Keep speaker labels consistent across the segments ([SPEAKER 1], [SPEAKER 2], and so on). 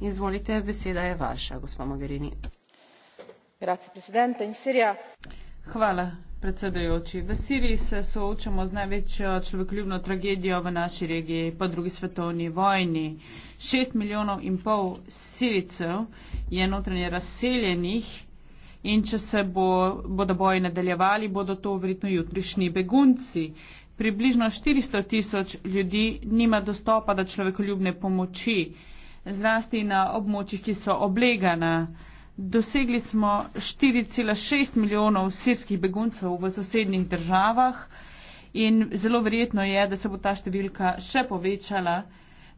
[SPEAKER 1] izvolite beseda je vaša gospa mogherini hvala predsedujoči v siriji se soočamo z največjo človekoljubno tragedijo v naši regiji po drugi svetovni vojni šest milijonov in pol siricev je notranje razseljenih in če se bo, bodo boji nadaljevali bodo to verjetno jutrišnji begunci približno štiristo tisoč ljudi nima dostopa do človekoljubne pomoči zlasti na območjih, ki so oblegana. Dosegli smo 4,6 milijonov sirskih beguncev v sosednjih državah in zelo verjetno je, da se bo ta številka še povečala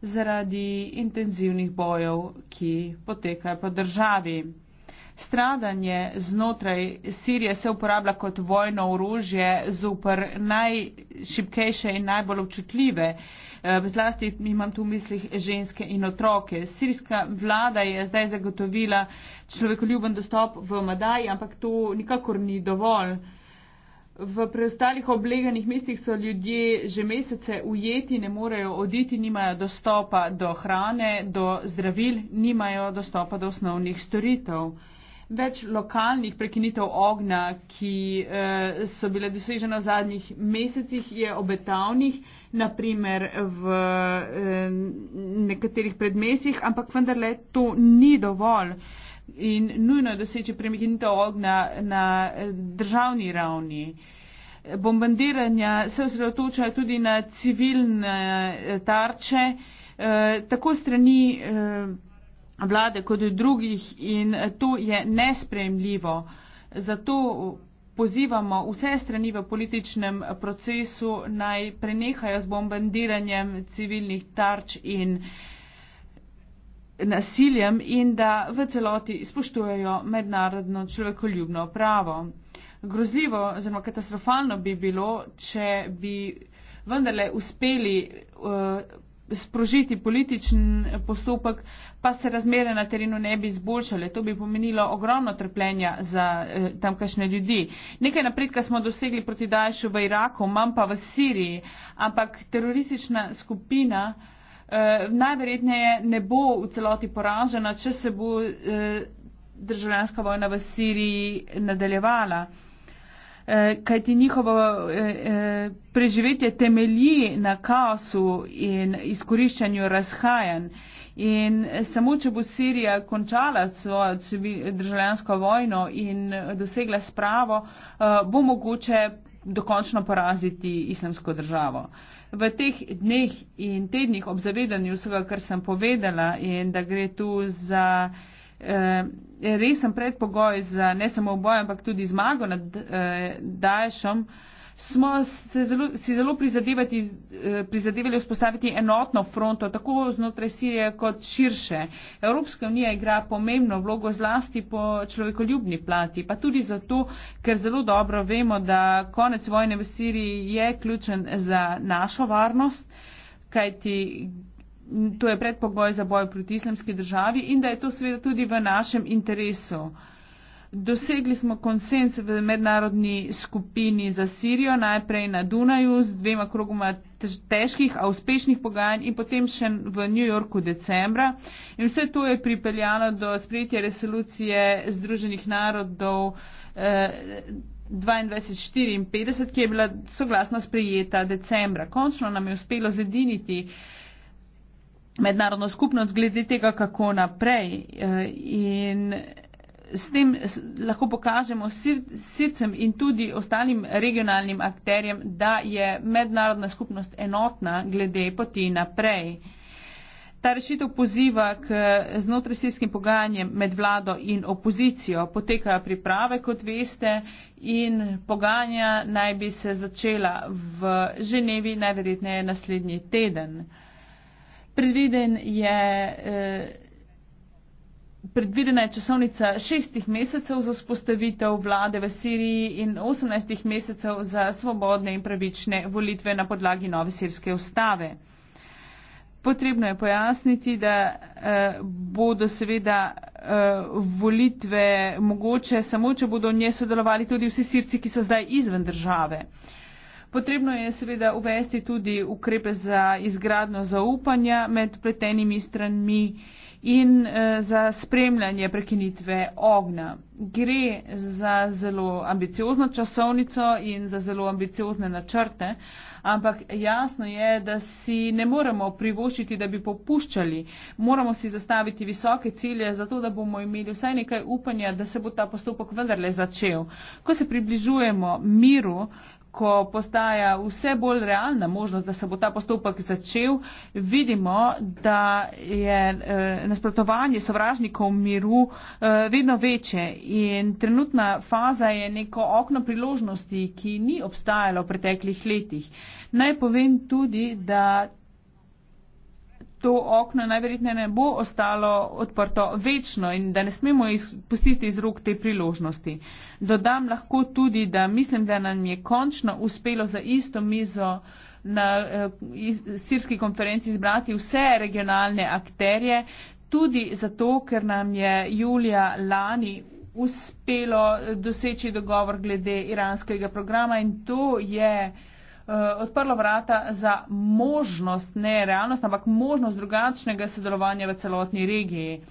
[SPEAKER 1] zaradi intenzivnih bojev, ki potekajo po državi. Stradanje znotraj Sirije se uporablja kot vojno orožje zoper najšipkejše in najbolj občutljive Eh, zlasti imam tu mislih ženske in otroke. Sirska vlada je zdaj zagotovila človekoljuben dostop v Madaj, ampak to nikakor ni dovolj. V preostalih obleganih mestih so ljudje že mesece ujeti, ne morejo oditi, nimajo dostopa do hrane, do zdravil, nimajo dostopa do osnovnih storitev. Več lokalnih prekinitev ognja, ki eh, so bile dosežene v zadnjih mesecih, je obetavnih. Eh, naprimer v eh, nekaterih predmestjih, ampak vendarle to ni dovolj. In nujno je doseči premiknitev ognja na eh, državni ravni. Bombardiranja se osredotočajo tudi na civilne eh, tarče, tako strani vlade kot drugih in to je nespremljivo. Zato pozivamo vse strani v političnem procesu naj prenehajo z bombardiranjem civilnih tarč in nasiljem in da v celoti spoštujejo mednarodno človekoljubno pravo. Grozljivo oziroma katastrofalno bi bilo, če bi vendarle uspeli uh, sprožiti političen postopek, pa se razmere na terenu ne bi izboljšale. To bi pomenilo ogromno trpljenja za eh, tamkajšnje ljudi. Nekaj napredka smo dosegli proti Daješu v Iraku, manj pa v Siriji, ampak teroristična skupina eh, najverjetneje ne bo v celoti poražena, če se bo eh, državljanska vojna v Siriji nadaljevala. Eh, Eh, kajti njihovo eh, eh, preživetje temelji na kaosu in izkoriščanju razhajanj. In samo, če bo Sirija končala svojo državljansko vojno in dosegla spravo, bo mogoče dokončno poraziti islamsko državo. V teh dneh in tednih ob zavedanju vsega, kar sem povedala in da gre tu za. Eh, resen predpogoj za ne samo boj, ampak tudi zmago nad eh, Daješom, smo se zelo, si zelo prizadevati, eh, prizadevali vzpostaviti enotno fronto, tako znotraj Sirije kot širše. Evropska unija igra pomembno vlogo zlasti po človekoljubni plati, pa tudi zato, ker zelo dobro vemo, da konec vojne v Siriji je ključen za našo varnost, kajti to je predpogoj za boj proti islamski državi in da je to seveda tudi v našem interesu. Dosegli smo konsens v mednarodni skupini za Sirijo, najprej na Dunaju z dvema krogoma težkih, a uspešnih pogajanj in potem še v New Yorku decembra. In vse to je pripeljalo do sprejetja resolucije Združenih narodov eh, 22.54, ki je bila soglasno sprejeta decembra. Končno nam je uspelo zediniti eh, mednarodno skupnost glede tega, kako naprej. Eh, in s tem lahko pokažemo sircem in tudi ostalim regionalnim akterjem, da je mednarodna skupnost enotna glede poti naprej. Ta rešitev poziva k eh, znotresijskim pogajanjem med vlado in opozicijo. Potekajo priprave, kot veste, in pogajanja naj bi se začela v Ženevi najverjetneje naslednji teden. Predviden je, eh, predvidena je časovnica šestih mesecev za spostavitev vlade v Siriji in osemnajstih mesecev za svobodne in pravične volitve na podlagi nove sirske ustave. Potrebno je pojasniti, da eh, bodo seveda eh, volitve mogoče samo, če bodo v nje sodelovali tudi vsi sirci, ki so zdaj izven države. Eh, Potrebno je seveda uvesti tudi ukrepe za izgradno zaupanja med pletenimi stranmi in eh, za spremljanje prekinitve ognja. Gre za zelo ambiciozno časovnico in za zelo ambiciozne načrte, ampak jasno je, da si ne moremo privoščiti, da bi popuščali. Moramo si zastaviti visoke cilje, zato da bomo imeli vsaj nekaj upanja, da se bo ta postopek vendarle začel. Ko se približujemo miru, ko postaja vse bolj realna možnost, da se bo ta postopek začel, vidimo, da je eh, nasprotovanje sovražnikov miru eh, vedno večje in trenutna faza je neko okno priložnosti, ki ni obstajalo v preteklih letih. Naj povem tudi, da to okno najverjetneje ne bo ostalo odprto večno in da ne smemo izpustiti iz rok te priložnosti. Dodam lahko tudi, da mislim, da nam je končno uspelo za isto mizo na eh, iz, sirski konferenci zbrati vse regionalne akterje, tudi zato, ker nam je julija lani uspelo doseči dogovor glede iranskega programa in to je Eh, odprlo vrata za možnost, ne realnost, ampak možnost drugačnega sodelovanja v celotni regiji.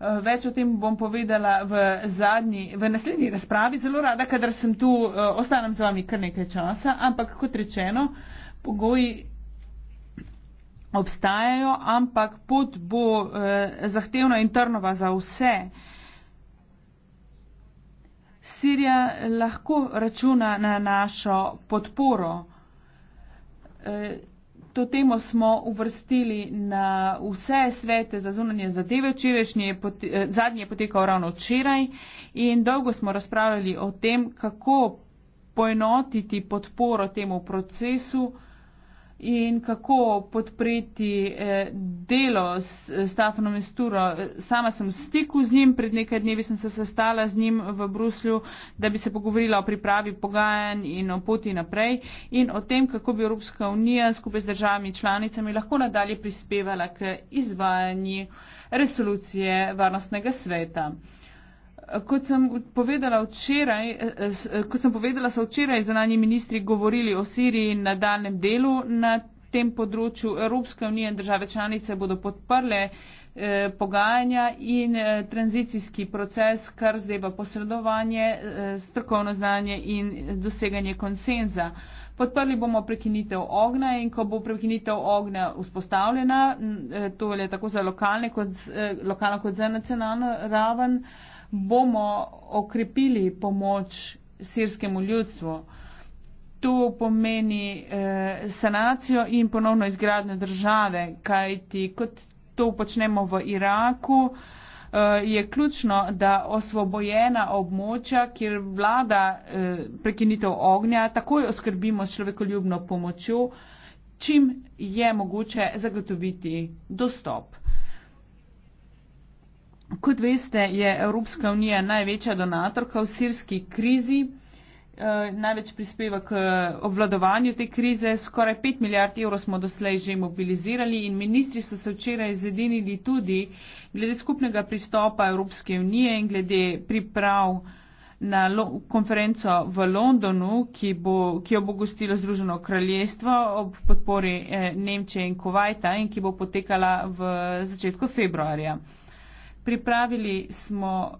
[SPEAKER 1] Eh, več o tem bom povedala v, zadnji, v naslednji razpravi. Zelo rada, kadar sem tu, eh, ostanem z vami kar nekaj časa, ampak kot rečeno, pogoji obstajajo, ampak pot bo eh, zahtevna in trnova za vse. Sirija lahko računa na našo podporo. To temo smo uvrstili na vse svete za zunanje zadeve. Včerajšnje eh, zadnje je potekal ravno včeraj in dolgo smo razpravljali o tem, kako poenotiti podporo temu procesu in kako podpreti eh, delo s Stafanom Esturo. Sama sem v stiku z njim, pred nekaj dnevi sem se sestala z njim v Bruslju, da bi se pogovorila o pripravi pogajanj in o poti naprej in o tem, kako bi Evropska unija skupaj z državami članicami lahko nadalje prispevala k izvajanju resolucije Varnostnega sveta kot sem povedala včeraj, eh, eh, eh, kot sem povedala, so včeraj zunanji ministri govorili o Siriji in nadaljem delu na tem področju. Evropska unija in države članice bodo podprle pogajanja in tranzicijski proces, kar zdajva posredovanje, strokovno znanje in doseganje konsenza. Podprli bomo prekinitev ogna in ko bo prekinitev ogna vzpostavljena, to je tako za lokalne kot, lokalne kot za nacionalno raven, bomo okrepili pomoč sirskemu ljudstvu. To pomeni eh, sanacijo in ponovno izgradnjo države, kajti kot to počnemo v Iraku, eh, je ključno, da osvobojena območja, kjer vlada eh, prekinitev ognja, takoj oskrbimo s človekoljubno pomočjo, čim je mogoče zagotoviti dostop. Kot veste, je Evropska unija največja donatorka v sirski krizi, eh, največ prispeva k eh, obvladovanju te krize. Skoraj 5 milijard evrov smo doslej že mobilizirali in ministri so se včeraj zedinili tudi glede skupnega pristopa Evropske unije in glede priprav na konferenco v Londonu, ki, bo, ki jo bo gostilo Združeno kraljestvo ob podpori eh, Nemčije in Kuvajta in ki bo potekala v začetku februarja. Pripravili smo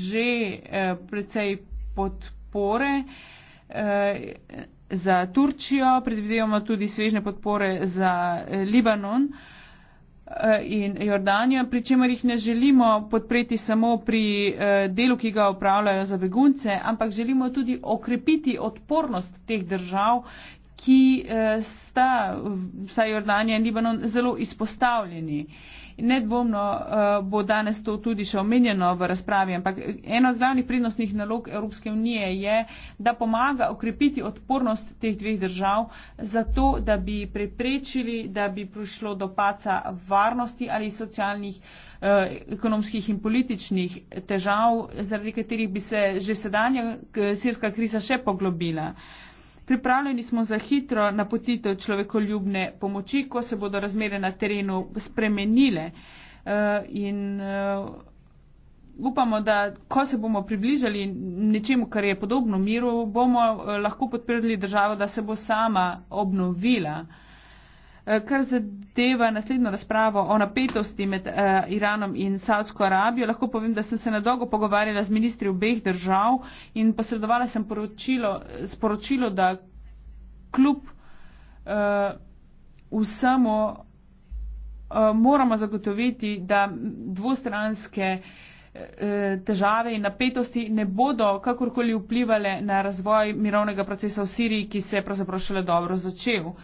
[SPEAKER 1] že eh, precej podpore eh, za Turčijo, predvidevamo tudi svežne podpore za eh, Libanon in Jordanijo, pri čemer jih ne želimo podpreti samo pri delu, ki ga upravljajo za begunce, ampak želimo tudi okrepiti odpornost teh držav, ki sta, vsaj Jordanija in Libanon, zelo izpostavljeni. In nedvomno uh, bo danes to tudi še omenjeno v razpravi, ampak ena od glavnih prednostnih nalog Evropske unije je, da pomaga okrepiti odpornost teh dveh držav, zato da bi preprečili, da bi prišlo do paca varnosti ali socialnih, uh, ekonomskih in političnih težav, zaradi katerih bi se že sedanja eh, sirska kriza še poglobila. Uh, Pripravljeni smo za hitro napotitev človekoljubne pomoči, ko se bodo razmere na terenu spremenile. Eh, in eh, upamo, da ko se bomo približali nečemu, kar je podobno miru, bomo eh, lahko podprli državo, da se bo sama obnovila. Eh, kar zadeva naslednjo razpravo o napetosti med uh, Iranom in Saudsko Arabijo, lahko povem, da sem se nadolgo pogovarjala z ministri obeh držav in posredovala sem poročilo, sporočilo, da kljub uh, vsemu uh, moramo zagotoviti, da dvostranske težave in napetosti ne bodo kakorkoli vplivali na razvoj mirovnega procesa v Siriji, ki se je pravzaprav šele dobro začel. Uh,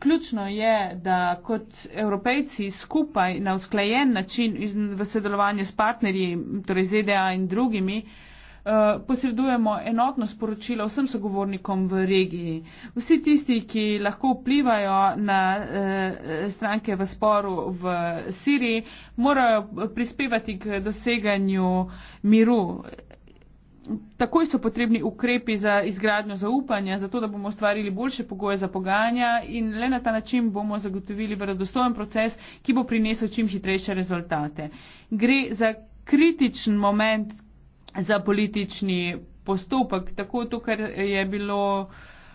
[SPEAKER 1] ključno je, da kot evropejci skupaj na usklajen način v sodelovanju s partnerji, torej ZDA in drugimi, eh, posredujemo enotno sporočilo vsem sogovornikom v regiji. Vsi tisti, ki lahko vplivajo na eh, stranke v sporu v Siriji, morajo prispevati k doseganju miru takoj so potrebni ukrepi za izgradnjo zaupanja, zato da bomo ustvarili boljše pogoje za pogajanja in le na ta način bomo zagotovili verodostojen proces, ki bo prinesel čim hitrejše rezultate. Gre za kritičen moment za politični postopek, tako to, kar je bilo.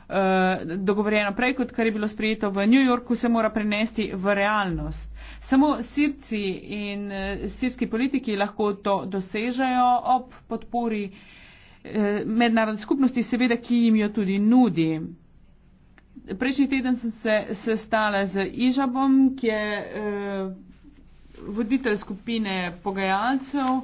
[SPEAKER 1] Eh, dogovorjeno prej, kot kar je bilo sprejeto v New Yorku, se mora prenesti v realnost. Samo sirci in eh, sirski politiki lahko to dosežejo ob podpori eh, mednarodne skupnosti, seveda, ki jim jo tudi nudi. Prejšnji teden sem se sestala z Ižabom, ki je voditelj skupine pogajalcev.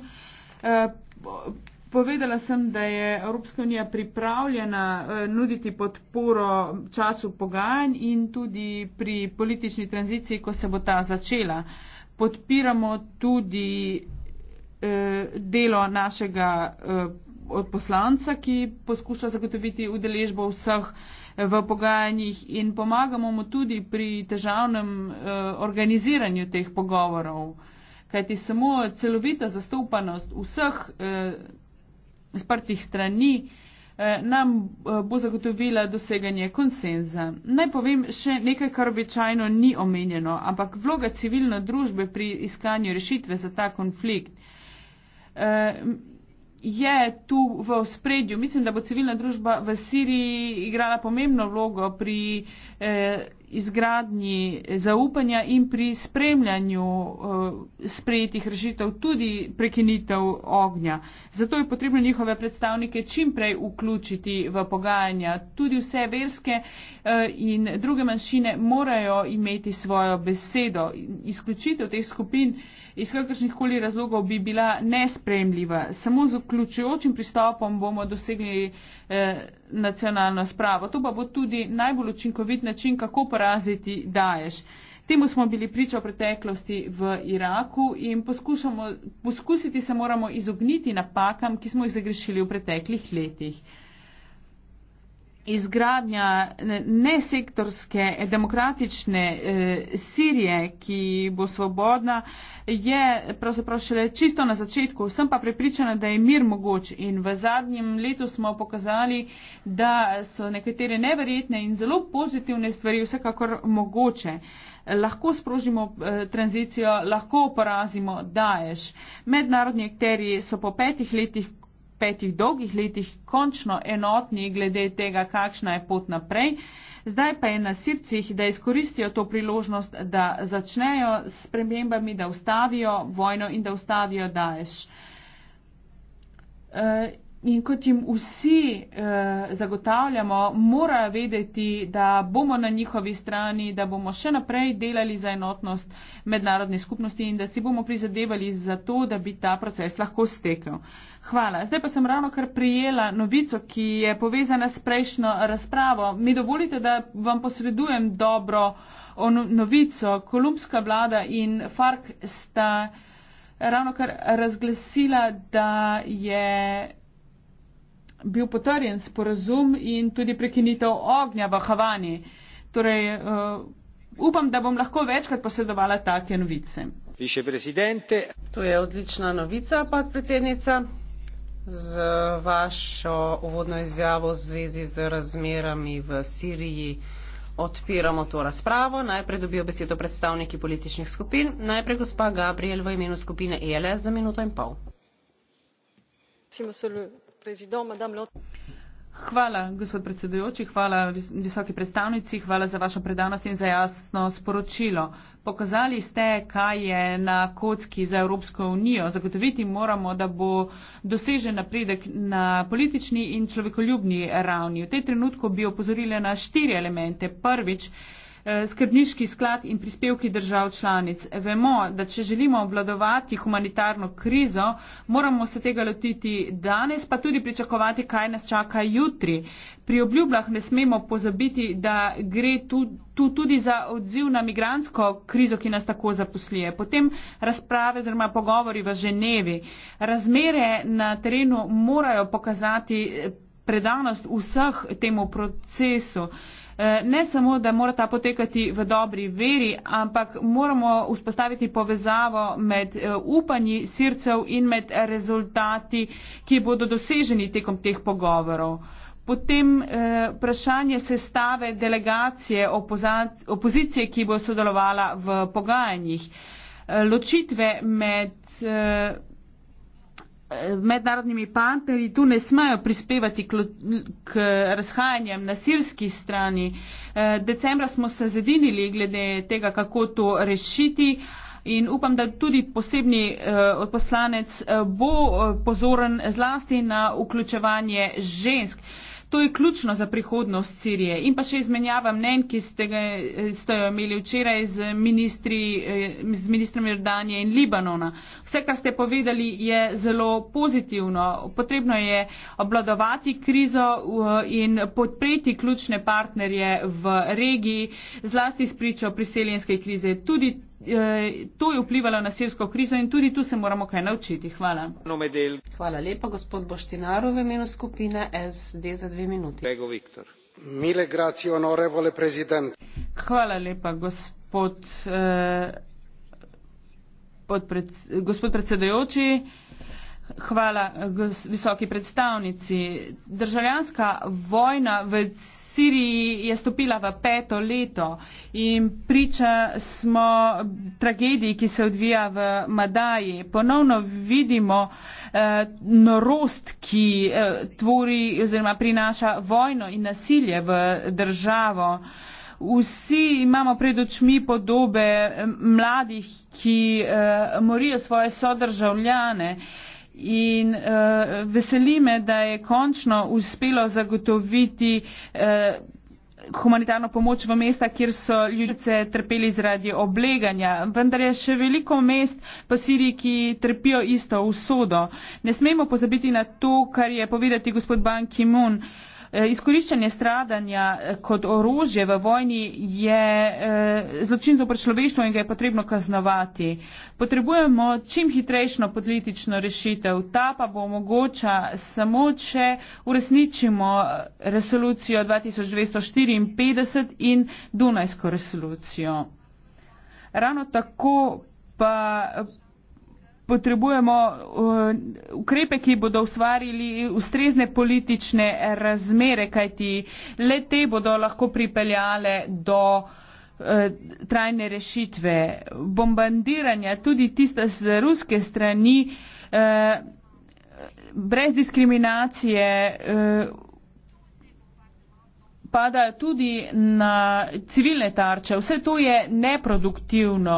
[SPEAKER 1] Povedala sem, da je Evropska unija pripravljena eh, nuditi podporo času pogajanj in tudi pri politični tranziciji, ko se bo ta začela. Podpiramo tudi eh, delo našega eh, odposlanca, ki poskuša zagotoviti udeležbo vseh eh, v pogajanjih in pomagamo mu tudi pri težavnem eh, organiziranju teh pogovorov. Kajti samo celovita zastopanost vseh. Eh, sprtih strani eh, nam eh, bo zagotovila doseganje konsenza. Naj povem še nekaj, kar običajno ni omenjeno, ampak vloga civilne družbe pri iskanju rešitve za ta konflikt eh, je tu v spredju. Mislim, da bo civilna družba v Siriji igrala pomembno vlogo pri izgradnji zaupanja in pri spremljanju eh, sprejetih rešitev tudi prekinitev ognja. Zato je potrebno njihove predstavnike čimprej vključiti v pogajanja. Tudi vse verske eh, in druge manjšine morajo imeti svojo besedo. Izključitev teh skupin iz kakršnih koli razlogov bi bila nespremljiva. Samo z vključujočim pristopom bomo dosegli eh, nacionalno spravo. To pa bo tudi najbolj učinkovit način, kako poraziti Daješ. Temu smo bili priča v preteklosti v Iraku in poskusiti se moramo izogniti napakam, ki smo jih zagrešili v preteklih letih izgradnja nesektorske eh, demokratične eh, Sirije, ki bo svobodna, je pravzaprav šele čisto na začetku. Sem pa prepričana, da je mir mogoč in v zadnjem letu smo pokazali, da so nekatere neverjetne in zelo pozitivne stvari vsekakor mogoče. Lahko sprožimo eh, tranzicijo, lahko porazimo Daesh. Mednarodni akteri so po petih letih petih dolgih letih končno enotni glede tega, kakšna je pot naprej. Zdaj pa je na sircih, da izkoristijo to priložnost, da začnejo s spremembami, da ustavijo vojno in da ustavijo Daesh. Eh, in kot jim vsi eh, zagotavljamo, morajo vedeti, da bomo na njihovi strani, da bomo še naprej delali za enotnost mednarodne skupnosti in da si bomo prizadevali za to, da bi ta proces lahko stekel. Hvala. Zdaj pa sem ravno kar prijela novico, ki je povezana s prejšnjo razpravo. Mi dovolite, da vam posredujem dobro no-, novico. Kolumbska vlada in FARC sta ravno kar razglasila, da je bil potrjen sporazum in tudi prekinitev ognja v Havani. Torej, uh, upam, da bom lahko večkrat posredovala take novice. To je odlična novica, podpredsednica. Z vašo uvodno izjavo
[SPEAKER 2] v zvezi z razmerami v Siriji odpiramo to razpravo. Najprej dobijo besedo predstavniki političnih skupin. Najprej gospa Gabriel v imenu skupine ELS za minuto in pol.
[SPEAKER 1] Hvala, gospod predsedujoči, hvala visoki predstavnici, hvala za vašo predanost in za jasno sporočilo. Pokazali ste, kaj je na kocki za Evropsko unijo. Zagotoviti moramo, da bo dosežen napredek na politični in človekoljubni ravni. V tej trenutku bi opozorili na štiri elemente. Prvič, Eh, skrbniški sklad in prispevki držav članic. Vemo, da če želimo obvladovati humanitarno krizo, moramo se tega lotiti danes, pa tudi pričakovati, kaj nas čaka jutri. Pri obljubljah ne smemo pozabiti, da gre tu, tu tudi za odziv na migransko krizo, ki nas tako zaposlije. Potem razprave oziroma pogovori v Ženevi. Razmere na terenu morajo pokazati eh, predanost vseh temu procesu. Eh, ne samo, da mora ta potekati v dobri veri, ampak moramo vzpostaviti povezavo med eh, upanji sircev in med rezultati, ki bodo doseženi tekom teh pogovorov. Potem eh, vprašanje sestave delegacije opozicije, ki bo sodelovala v pogajanjih. Ločitve med mednarodnimi partnerji tu ne smejo prispevati k, k razhajanjem na sirski strani. E, decembra smo se zedinili glede tega, kako to rešiti in upam, da tudi posebni odposlanec e, e, bo pozoren zlasti na vključevanje žensk. To je ključno za prihodnost Sirije. In pa še izmenjava mnen, ki ste, ga, ste jo imeli včeraj z, ministri, eh, z ministrom Jordanije in Libanona. Vse, kar ste povedali, je zelo pozitivno. Potrebno je obladovati krizo eh, in podpreti ključne partnerje v regiji, zlasti spričo priseljenske krize. Tudi Eh, to je vplivalo na sirsko krizo in tudi tu se moramo kaj naučiti. Hvala. Hvala lepa, gospod Boštinaro, v imenu skupine SD za dve minuti. Prego Viktor. Mile grazie, onorevole prezident. Hvala lepa, gospod, eh, podpred, gospod predsedajoči. Hvala visoki predstavnici. Državljanska vojna v Siriji je stopila v peto leto in priča smo tragediji, ki se odvija v Madaji. Ponovno vidimo eh, norost, ki eh, tvori oziroma prinaša vojno in nasilje v državo. Vsi imamo pred očmi podobe eh, mladih, ki eh, morijo svoje sodržavljane. Eh, In uh, veseli me, da je končno uspelo zagotoviti uh, humanitarno pomoč v mesta, kjer so ljudice trpeli zaradi obleganja. Vendar je še veliko mest po Siriji, ki trpijo isto usodo. Ne smemo pozabiti na to, kar je povedati gospod Ban Ki-moon. Uh, Eh, izkoriščanje stradanja eh, kot orožje v vojni je eh, zločin zopr človeštvo in ga je potrebno kaznovati. Potrebujemo čim hitrejšno politično rešitev. Ta pa bo omogoča samo, če uresničimo resolucijo 2254 in Dunajsko resolucijo. Ravno tako pa potrebujemo eh, ukrepe, ki bodo ustvarili ustrezne politične razmere, kajti le te bodo lahko pripeljale do eh, trajne rešitve. Bombardiranja, tudi tista z ruske strani, eh, brez diskriminacije pada tudi na civilne tarče. Vse to je neproduktivno.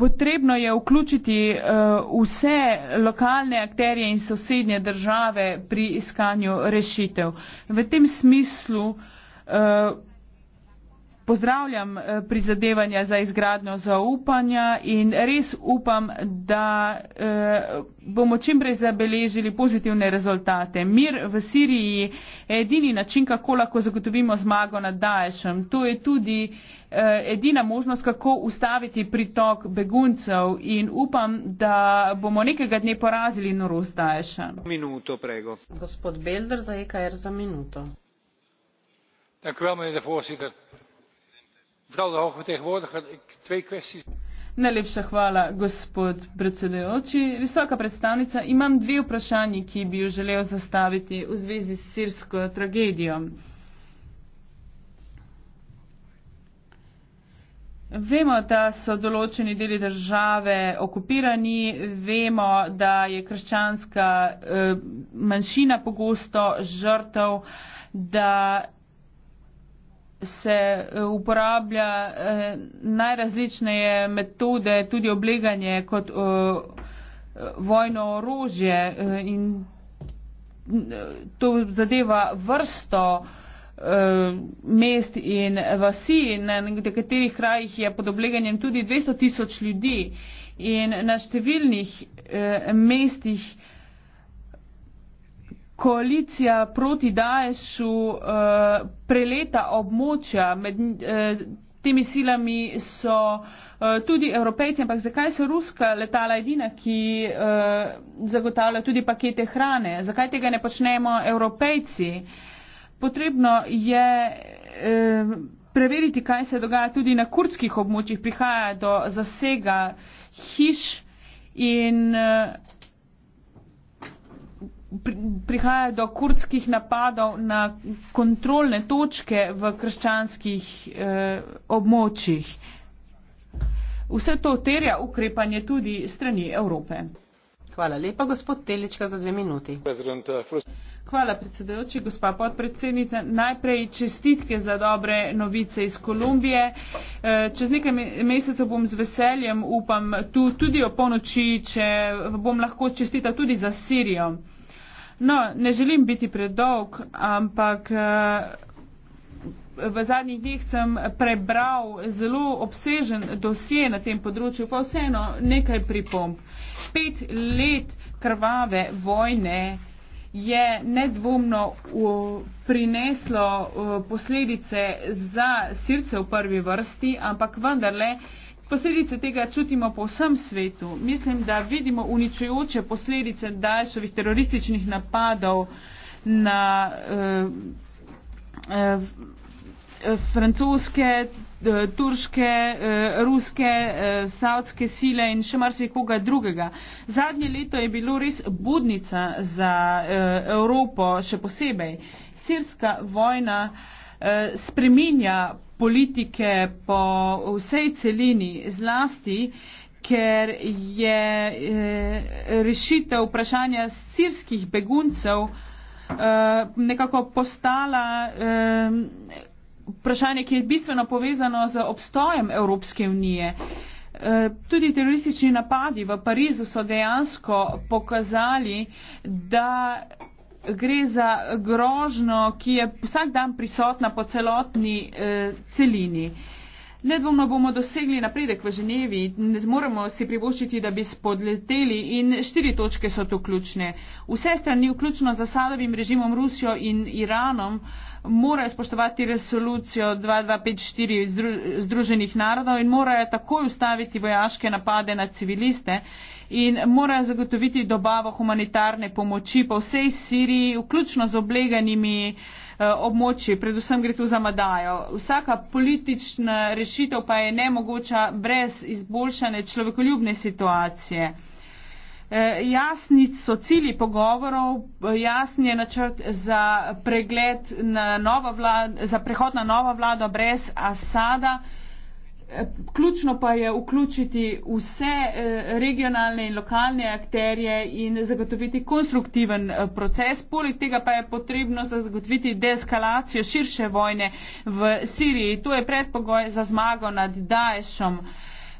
[SPEAKER 1] Potrebno je vključiti uh, vse lokalne akterje in sosednje države pri iskanju rešitev. V tem smislu uh, pozdravljam eh, prizadevanja za izgradnjo zaupanja in res upam, da eh, bomo čim brej zabeležili pozitivne rezultate. Mir v Siriji je edini način, kako lahko zagotovimo zmago nad Daješem. To je tudi eh, edina možnost, kako ustaviti pritok beguncev in upam, da bomo nekega dne porazili norost Daješa. Minuto, prego. Gospod Belder za EKR za minuto. Dank u wel, meneer de voorzitter mevrouw de hoge vertegenwoordiger, ik twee kwesties. Najlepša hvala, gospod predsedujoči. Visoka predstavnica, imam dve vprašanji, ki bi jo želel zastaviti v zvezi s sirsko tragedijo. Vemo, da so določeni deli države okupirani, vemo, da je krščanska eh, manjšina pogosto žrtev, da se eh, uporablja eh, najrazličneje metode, tudi obleganje kot eh, vojno orožje in to zadeva vrsto mest in vasi. Na nekaterih krajih je pod obleganjem tudi 200 tisoč ljudi in na številnih mestih koalicija proti Daješu eh, preleta območja med eh, temi silami so eh, tudi evropejci, ampak zakaj so ruska letala edina, ki zagotavlja tudi pakete hrane? Zakaj tega ne počnemo evropejci? Potrebno je preveriti, kaj se dogaja tudi na kurdskih območjih, prihaja do zasega hiš in prihaja do kurdskih napadov na kontrolne točke v krščanskih eh, območjih. Vse to terja ukrepanje tudi strani Evrope. Hvala lepa, gospod Telička, za dve minuti. Eh, Hvala, predsedujoči, gospa podpredsednica. Najprej čestitke za dobre novice iz Kolumbije. Eh, čez nekaj mesecev bom z veseljem, upam, tu tudi o ponoči, če bom lahko čestita tudi za Sirijo. No, ne želim biti predolg, ampak eh, v zadnjih dneh sem prebral zelo obsežen dosje na tem področju, pa vseeno nekaj pripomp. Pet let krvave vojne je nedvomno prineslo eh, posledice za sirce v prvi vrsti, ampak vendarle. Posledice tega čutimo po vsem svetu. Mislim, da vidimo uničujoče posledice daljšovih terorističnih napadov na eh, eh, francoske, eh, turške, eh, ruske, eh, saudske sile in še marsikoga drugega. Zadnje leto je bilo res budnica za eh, Evropo, še posebej. Sirska vojna eh, spreminja politike po vsej celini, zlasti, ker je e, rešitev vprašanja sirskih beguncev e, nekako postala e, vprašanje, ki je bistveno povezano z obstojem Evropske unije. Tudi teroristični napadi v Parizu so dejansko pokazali, da gre za grožno, ki je vsak dan prisotna po celotni eh, celini. Nedvomno bomo dosegli napredek v Ženevi, ne moremo si privoščiti, da bi spodleteli in štiri točke so tu ključne. Vse strani, vključno z Asadovim režimom Rusijo in Iranom, morajo spoštovati resolucijo 2254 Združenih narodov in morajo takoj ustaviti vojaške napade na civiliste in mora zagotoviti dobavo humanitarne pomoči po vsej Siriji, vključno z obleganimi eh, območji, predvsem gre tu za Madajo. Vsaka politična rešitev pa je nemogoča brez izboljšane človekoljubne situacije. Eh, jasni so cili pogovorov, jasni je načrt za pregled na nova vlada, za prehod na novo vlado brez Asada ključno pa je vključiti vse eh, regionalne in lokalne akterje in zagotoviti konstruktiven eh, proces. Poleg tega pa je potrebno zagotoviti deeskalacijo širše vojne v Siriji. To je predpogoj za zmago nad Daešom.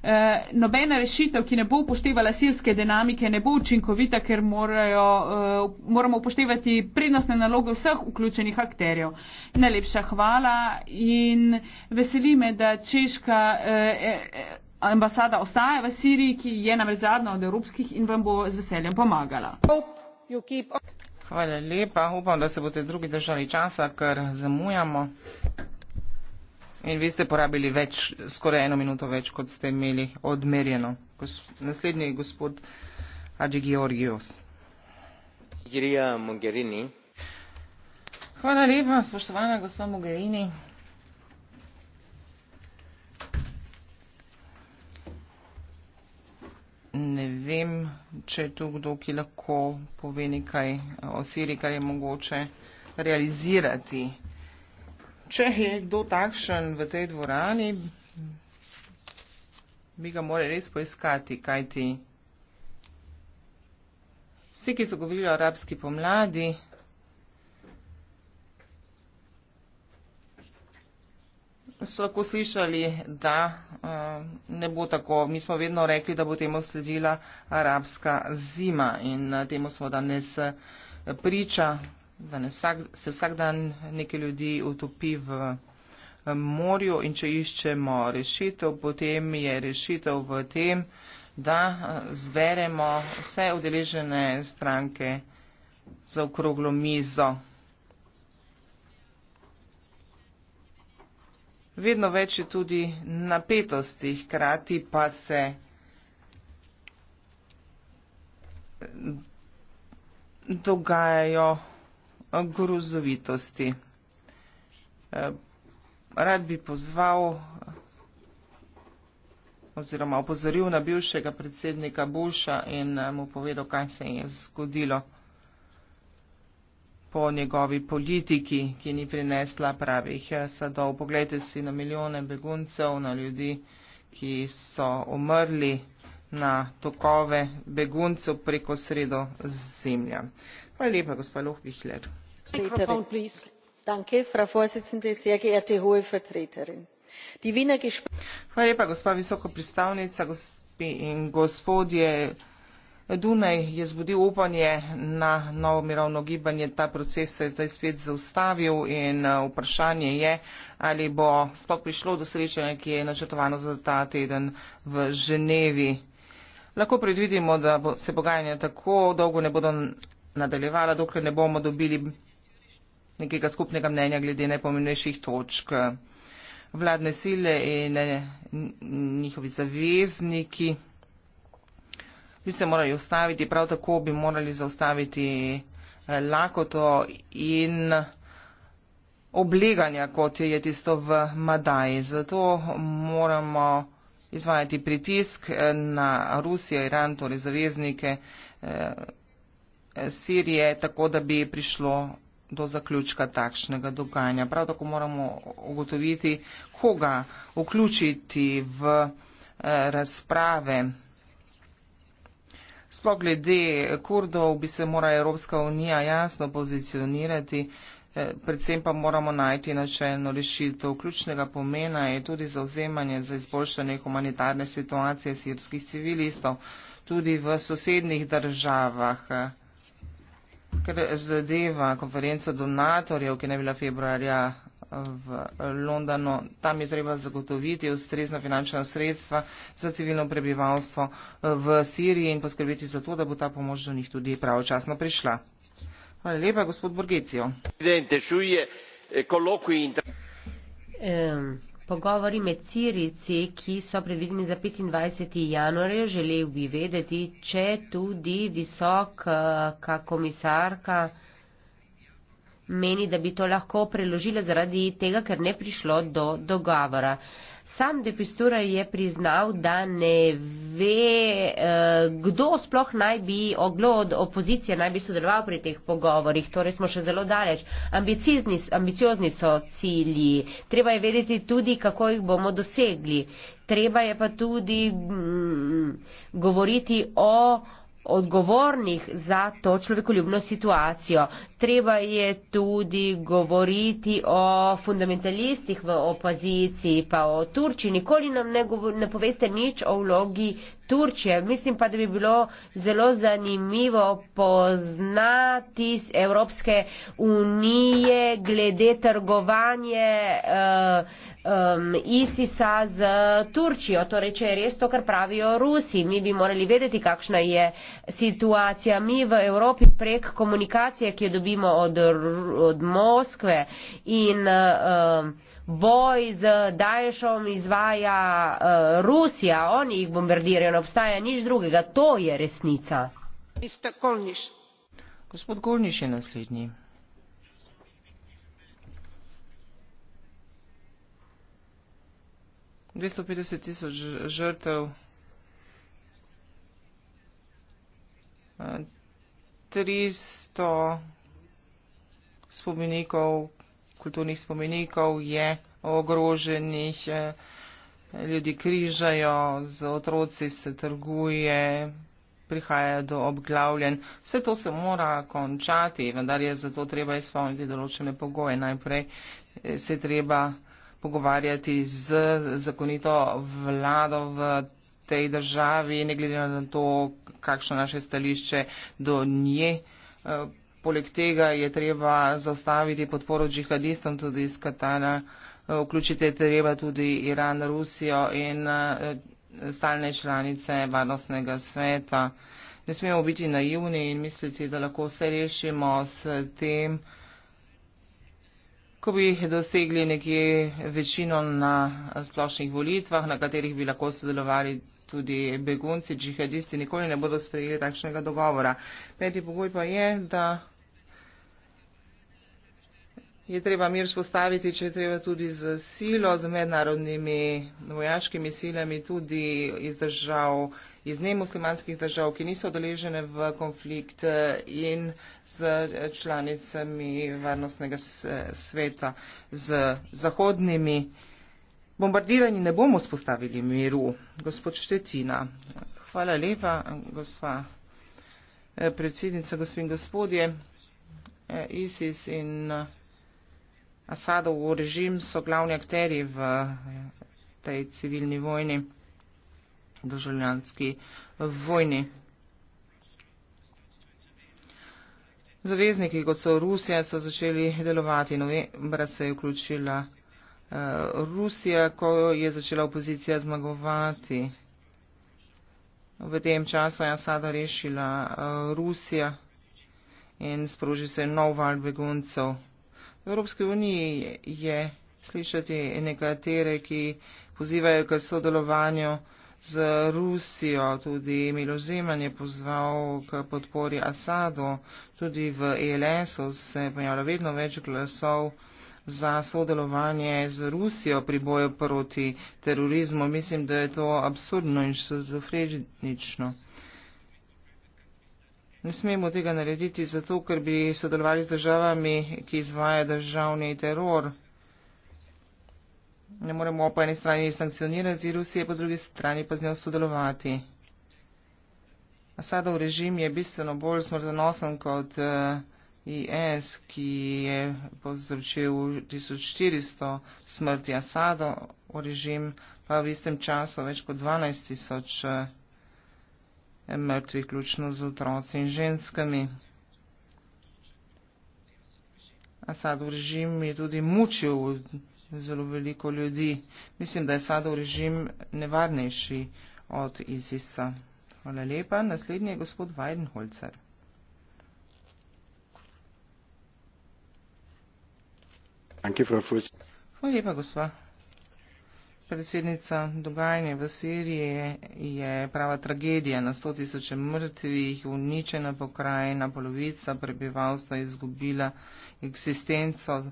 [SPEAKER 1] Eh, nobena rešitev, ki ne bo upoštevala sirske dinamike, ne bo učinkovita, ker morajo, eh, moramo upoštevati prednostne naloge vseh vključenih akterjev. Najlepša hvala in veseli me, da Češka eh, ambasada ostaja v Siriji, ki je namreč zadnja od evropskih in vam bo z veseljem pomagala.
[SPEAKER 3] Hvala lepa, upam, da se boste drugi držali časa, ker zamujamo. In vi ste porabili več, skoraj eno minuto več, kot ste imeli odmerjeno. Gos, naslednji je gospod Adži Georgios.
[SPEAKER 1] Girija Mogherini.
[SPEAKER 3] Hvala lepa, spoštovana gospa Mogherini. Ne vem, če je tu kdo, ki lahko pove nekaj o Siriji, kar je mogoče realizirati. Če je kdo takšen v tej dvorani, bi ga morali res poiskati, kaj ti. Vsi, ki so govorili o arabski pomladi, so lahko slišali, da eh, ne bo tako. Mi smo vedno rekli, da bo temu sledila arabska zima in eh, temu seveda ne se priča da vsak, se vsak dan nekaj ljudi utopi v morju in če iščemo rešitev, potem je rešitev v tem, da eh, zveremo vse udeležene stranke za okroglo mizo. Vedno več je tudi napetosti, hkrati pa se eh, dogajajo grozovitosti. Eh, rad bi pozval oziroma opozoril na bivšega predsednika Busha in eh, mu povedal, kaj se je zgodilo po njegovi politiki, ki ni prinesla pravih eh, sadov. Poglejte si na milijone beguncev, na ljudi, ki so umrli na tokove beguncev preko sredo zemlja. Hvala lepa, gospod Lohbihler
[SPEAKER 1] frau präsidentin sehr geehrte hohe vertreterin! die wiener
[SPEAKER 3] gespräche. dunaj je zbudil upanje na novo mirovno gibanje ta proces se je zdaj spet zaustavil in eh, vprašanje je ali bo sploh prišlo do srečanja ki je načrtovano za ta teden v ženevi. lahko predvidimo da se pogajanja tako dolgo ne bodo nadaljevala dokler ne bomo dobili nekega skupnega mnenja glede najpomembnejših točk. Vladne sile in eh, njihovi zavezniki bi se morali ustaviti, prav tako bi morali zaustaviti eh, lakoto in obleganja, kot je tisto v Madaji. Zato moramo izvajati pritisk eh, na Rusijo, Iran, torej zaveznike Sirije, tako da bi prišlo do zaključka takšnega dogajanja. Prav tako moramo ugotoviti, koga vključiti v eh, razprave. Sploh glede kurdov bi se mora Evropska unija jasno pozicionirati, eh, predvsem pa moramo najti načelno rešitev. Ključnega pomena je tudi zauzemanje za izboljšanje humanitarne situacije sirskih civilistov tudi v sosednjih državah. Ker zadeva konferenca donatorjev, ki ne bila februarja v Londonu, tam je treba zagotoviti ustrezna finančna sredstva za civilno prebivalstvo v Siriji in poskrbeti za to, da bo ta pomoč do njih tudi pravočasno prišla. Hvala lepa, gospod Borgecijo.
[SPEAKER 2] Um pogovori med Sirici, ki so predvideni za 25. januar, želel bi vedeti, če tudi visoka eh, komisarka meni, da bi to lahko preložila zaradi tega, ker ne prišlo do dogovora. Sam depistura je priznal, da ne ve, eh, kdo sploh naj bi oglod opozicije, naj bi sodeloval pri teh pogovorih. Torej smo še zelo daleč. Ambiciozni so cilji. Treba je vedeti tudi, kako jih bomo dosegli. Treba je pa tudi mm, govoriti o odgovornih za to človekoljubno situacijo. Treba je tudi govoriti o fundamentalistih v opoziciji, pa o Turčiji. Nikoli nam ne, govor, ne poveste nič o vlogi Turčije. Mislim pa, da bi bilo zelo zanimivo poznati z Evropske unije glede trgovanje. Uh, um, ISIS-a z Turčijo. Torej, če je res to, kar pravijo Rusi, mi bi morali vedeti, kakšna je situacija. Mi v Evropi prek komunikacije, ki jo dobimo od, od Moskve in um, Boj z Daješom izvaja uh, Rusija, oni jih bombardirajo, ne obstaja nič drugega, to je resnica.
[SPEAKER 3] Gospod Golniš je naslednji. 250 tisoč žrtev, 300 spomenikov, kulturnih spomenikov je ogroženih, e, ljudi križajo, z otroci se trguje, prihaja do obglavljen. Vse to se mora končati, vendar je zato treba izpolniti določene pogoje. Najprej e, se treba pogovarjati z zakonito vlado v tej državi, ne glede na to, kakšno naše stališče do nje. E, poleg tega je treba zaustaviti podporo džihadistom tudi iz Katana, e, vključiti je treba tudi Iran, Rusijo in e, stalne članice varnostnega sveta. Ne smemo biti naivni in misliti, da lahko vse rešimo s tem, ko bi dosegli nekje večino na splošnih volitvah, na katerih bi lahko sodelovali tudi begunci, džihadisti, nikoli ne bodo sprejeli takšnega dogovora. Peti pogoj pa je, da je treba mir spostaviti, če je treba tudi z silo, z mednarodnimi vojaškimi silami, tudi iz držav iz nemuslimanskih držav, ki niso deležene v konflikt eh, in z eh, članicami varnostnega eh, sveta, z zahodnimi. Bombardiranji ne bomo spostavili miru, gospod Štetina. Hvala lepa, gospa predsednica, gospod in gospodje. ISIS in Asadov režim so glavni akteri v tej civilni vojni državljanski vojni. Zavezniki, kot so Rusija, so začeli delovati. Novembra se je vključila eh, Rusija, ko je začela opozicija zmagovati. V tem času je Asada rešila eh, Rusija in sproži se nov val beguncev. V Evropski uniji je slišati nekatere, ki pozivajo k sodelovanju z Rusijo. Tudi Milozeman je pozval k podpori Asadu. Tudi v ELS-u se je pojavljalo vedno več glasov za sodelovanje z Rusijo pri boju proti terorizmu. Mislim, da je to absurdno in šizofrenično. Ne smemo tega narediti zato, ker bi sodelovali z državami, ki izvaja državni teror. Ne moremo po eni strani sankcionirati Rusije, po drugi strani pa z njo sodelovati. Asadov režim je bistveno bolj smrtonosen kot eh, IS, ki je povzročil 1400 smrti Asadov režim, pa v istem času več kot 12 tisoč eh, mrtvih, ključno z otroci in ženskami. Asadov režim je tudi mučil zelo veliko ljudi. Mislim, da je sadov režim nevarnejši od ISIS-a. Hvala lepa. Naslednji je gospod Weidenholzer. Hvala lepa, gospa. Predsednica, dogajanje v Siriji je prava tragedija. Na 100 tisoče mrtvih, uničena pokrajina, polovica prebivalstva je izgubila eksistenco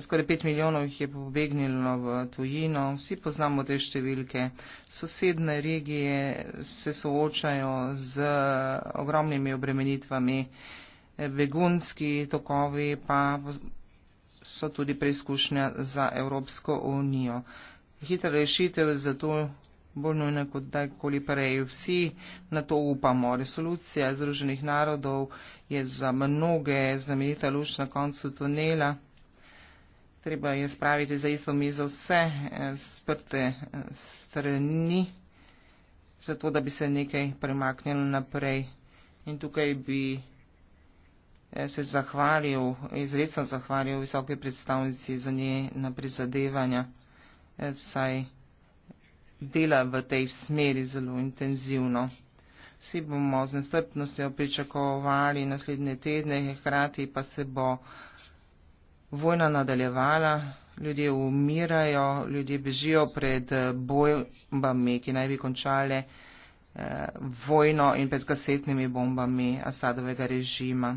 [SPEAKER 3] skoraj 5 milijonov jih je pobegnilo v tujino, vsi poznamo te številke. Sosedne regije se soočajo z ogromnimi obremenitvami, begunski tokovi pa so tudi preizkušnja za Evropsko unijo. Hitra rešitev je zato bolj nujna kot dajkoli prej. Vsi na to upamo. Resolucija Združenih narodov je za mnoge znamenita luč na koncu tunela treba je spraviti za isto mizo vse eh, sprte eh, strani, zato da bi se nekaj premaknilo naprej. In tukaj bi eh, se zahvalil, izredno zahvalil visoke predstavnici za njena prizadevanja, saj dela v tej smeri zelo intenzivno. Vsi bomo z nestrpnostjo pričakovali naslednje tedne, hkrati pa se bo vojna nadaljevala, ljudje umirajo, ljudje bežijo pred eh, bombami, ki naj bi končale eh, vojno in pred kasetnimi bombami Asadovega režima.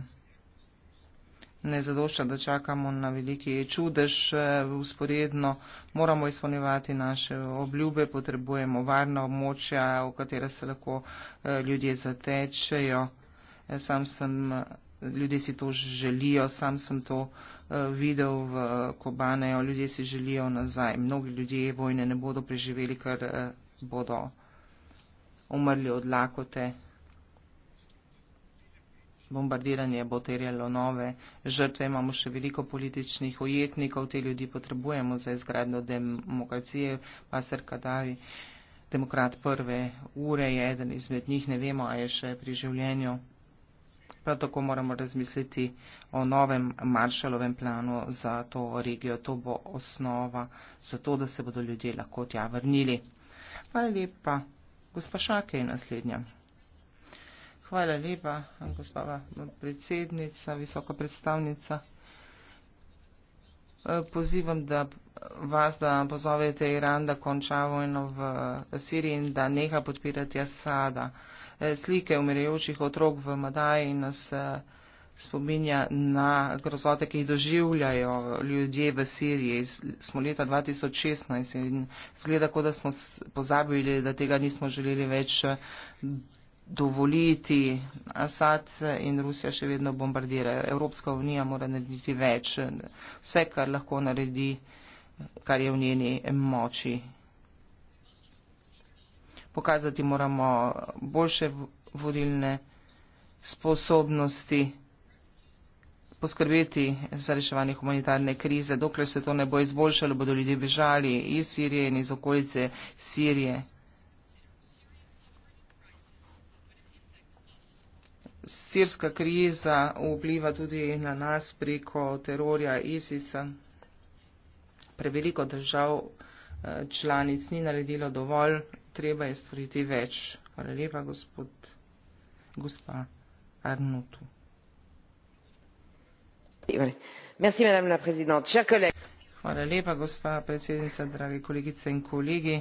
[SPEAKER 3] Ne zadošča, da čakamo na veliki čudež usporedno, eh, moramo izpolnjevati naše obljube, potrebujemo varna območja, v katera se lahko ljudje zatečejo. Sam sem, ljudje si to želijo, sam sem to uh, Eh, videl v Kobanejo, ljudje si želijo nazaj. Mnogi ljudje vojne ne bodo preživeli, ker eh, bodo umrli od lakote. Bombardiranje bo terjalo nove žrtve, imamo še veliko političnih ujetnikov, te ljudi potrebujemo za izgradno demokracije. Pasar Kadavi, demokrat prve ure je eden izmed njih, ne vemo, a je še pri življenju. Prav tako moramo razmisliti o novem maršalovem planu za to regijo. To bo osnova za to, da se bodo ljudje lahko tja vrnili. Hvala lepa. Gospa Šake je naslednja. Hvala lepa, gospa predsednica, visoka predstavnica. Pozivam da vas, da pozovete Iran, da konča vojno v Siriji in da neha podpirati Asada. Eh, slike umirajočih otrok v Madaji in nas eh, spominja na grozote, ki jih doživljajo ljudje v Siriji. Smo leta 2016 in zgleda, kot da smo pozabili, da tega nismo želeli več eh, dovoliti. Asad in Rusija še vedno bombardirajo. Evropska unija mora narediti več. Vse, kar lahko naredi, kar je v njeni moči pokazati moramo boljše vodilne sposobnosti, poskrbeti za reševanje humanitarne krize. Dokler se to ne bo izboljšalo, bodo ljudje bežali iz Sirije in iz okolice Sirije. Sirska kriza vpliva tudi na nas preko terorja ISIS-a. Preveliko držav eh, članic ni naredilo dovolj treba je storiti več. Hvala lepa, gospod, gospa Arnutu. Merci, madame la présidente. Chers collègues. Hvala lepa, gospa predsednica, dragi kolegice in kolegi.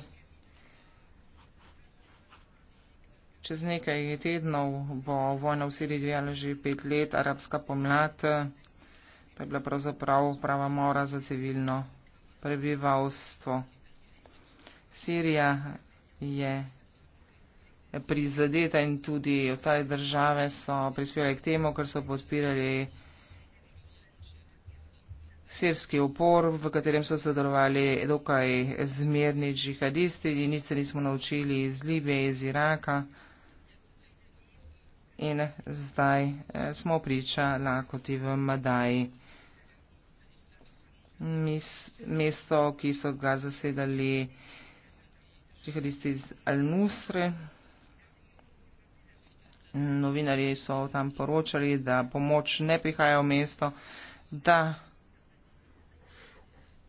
[SPEAKER 3] Čez nekaj tednov bo vojna v Siriji dvijala že pet let, arabska pomlad, pa je bila pravzaprav prava mora za civilno prebivalstvo. Sirija je prizadeta in tudi ostale države so prispevali k temu, ker so podpirali sirski upor, v katerem so sodelovali dokaj zmerni džihadisti in nič se nismo naučili iz Libije, iz Iraka. In zdaj eh, smo priča lakoti v Madaji. Mesto, ki so ga zasedali džihadisti iz Al-Nusre. Novinarji so tam poročali, da pomoč ne prihaja v mesto, da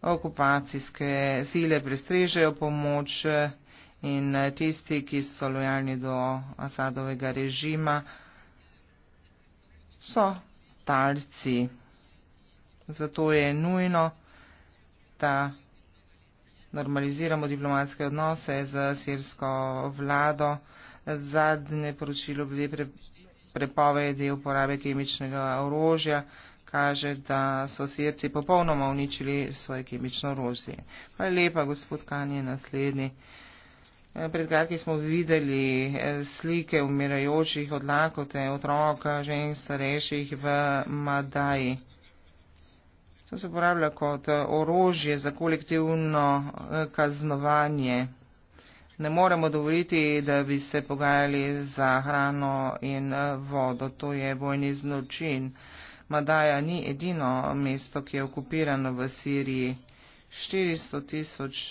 [SPEAKER 3] okupacijske sile prestrežejo pomoč in tisti, ki so lojalni do Asadovega režima, so talci. Zato je nujno, da normaliziramo diplomatske odnose z sirsko vlado. Zadnje poročilo glede pre, prepovedi uporabe kemičnega orožja kaže, da so sirci popolnoma uničili svoje kemično orožje. Hvala lepa, gospod Kan je naslednji. Pred kratkim smo videli eh, slike umirajočih od lakote, otroka, žensk, starejših v Madaji. To se uporablja kot eh, orožje za kolektivno eh, kaznovanje. Ne moremo dovoliti, da bi se pogajali za hrano in eh, vodo. To je vojni zločin. Madaja ni edino mesto, ki je okupirano v Siriji. 400 tisoč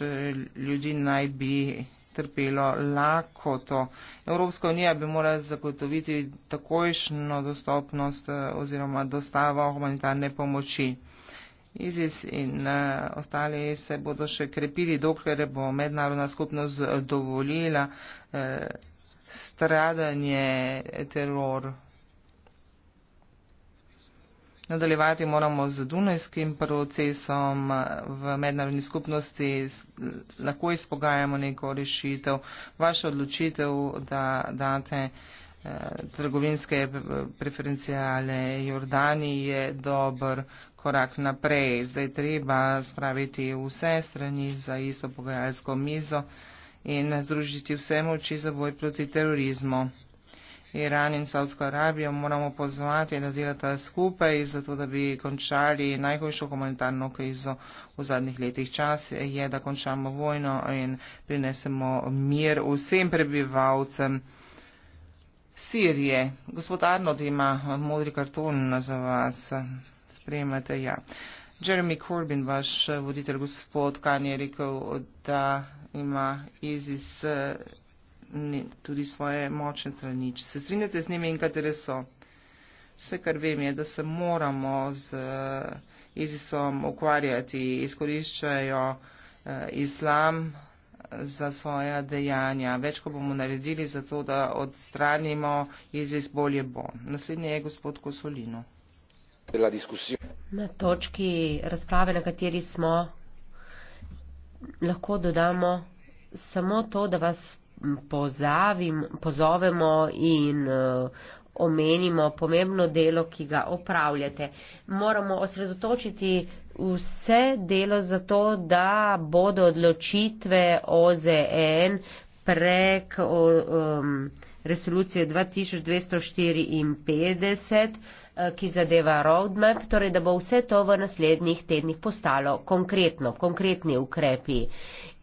[SPEAKER 3] ljudi naj bi trpelo lakoto. Evropska unija bi morala zagotoviti takojšno dostopnost oziroma dostavo humanitarne pomoči. ISIS in eh, ostali se bodo še krepili, dokler bo mednarodna skupnost dovolila eh, stradanje, eh, teror. Nadaljevati moramo z Dunajskim procesom v mednarodni skupnosti, lahko izpogajamo neko rešitev. Vaša odločitev, da date trgovinske preferencijale Jordani je dober korak naprej. Zdaj treba spraviti vse strani za isto pogajalsko mizo in združiti vse moči za boj proti terorizmu. Iran in Saudsko Arabijo moramo pozvati, da delata skupaj, zato da bi končali najhujšo humanitarno krizo v zadnjih letih čas, je, da končamo vojno in prinesemo mir vsem prebivalcem Sirije. Gospod Arnold ima modri karton za vas. Sprejemate, ja. Jeremy Corbyn, vaš eh, voditelj, gospod Kan je rekel, da ima ISIS eh, ne, tudi svoje močne strani. Če se strinjate z njimi in katere so? Vse, kar vem, je, da se moramo z eh, ISISom ukvarjati. Izkoriščajo eh, islam za svoja dejanja. Več, ko bomo naredili za to, da odstranimo ISIS, bolje bo. Naslednji je gospod Kosolino.
[SPEAKER 2] Na točki razprave, na kateri smo, lahko dodamo samo to, da vas pozavim, pozovemo in uh, omenimo pomembno delo, ki ga opravljate. Moramo osredotočiti vse delo za to, da bodo odločitve OZN e prek um, resolucije 2254. Eh, ki zadeva roadmap, torej da bo vse to v naslednjih tednih postalo konkretno, konkretni ukrepi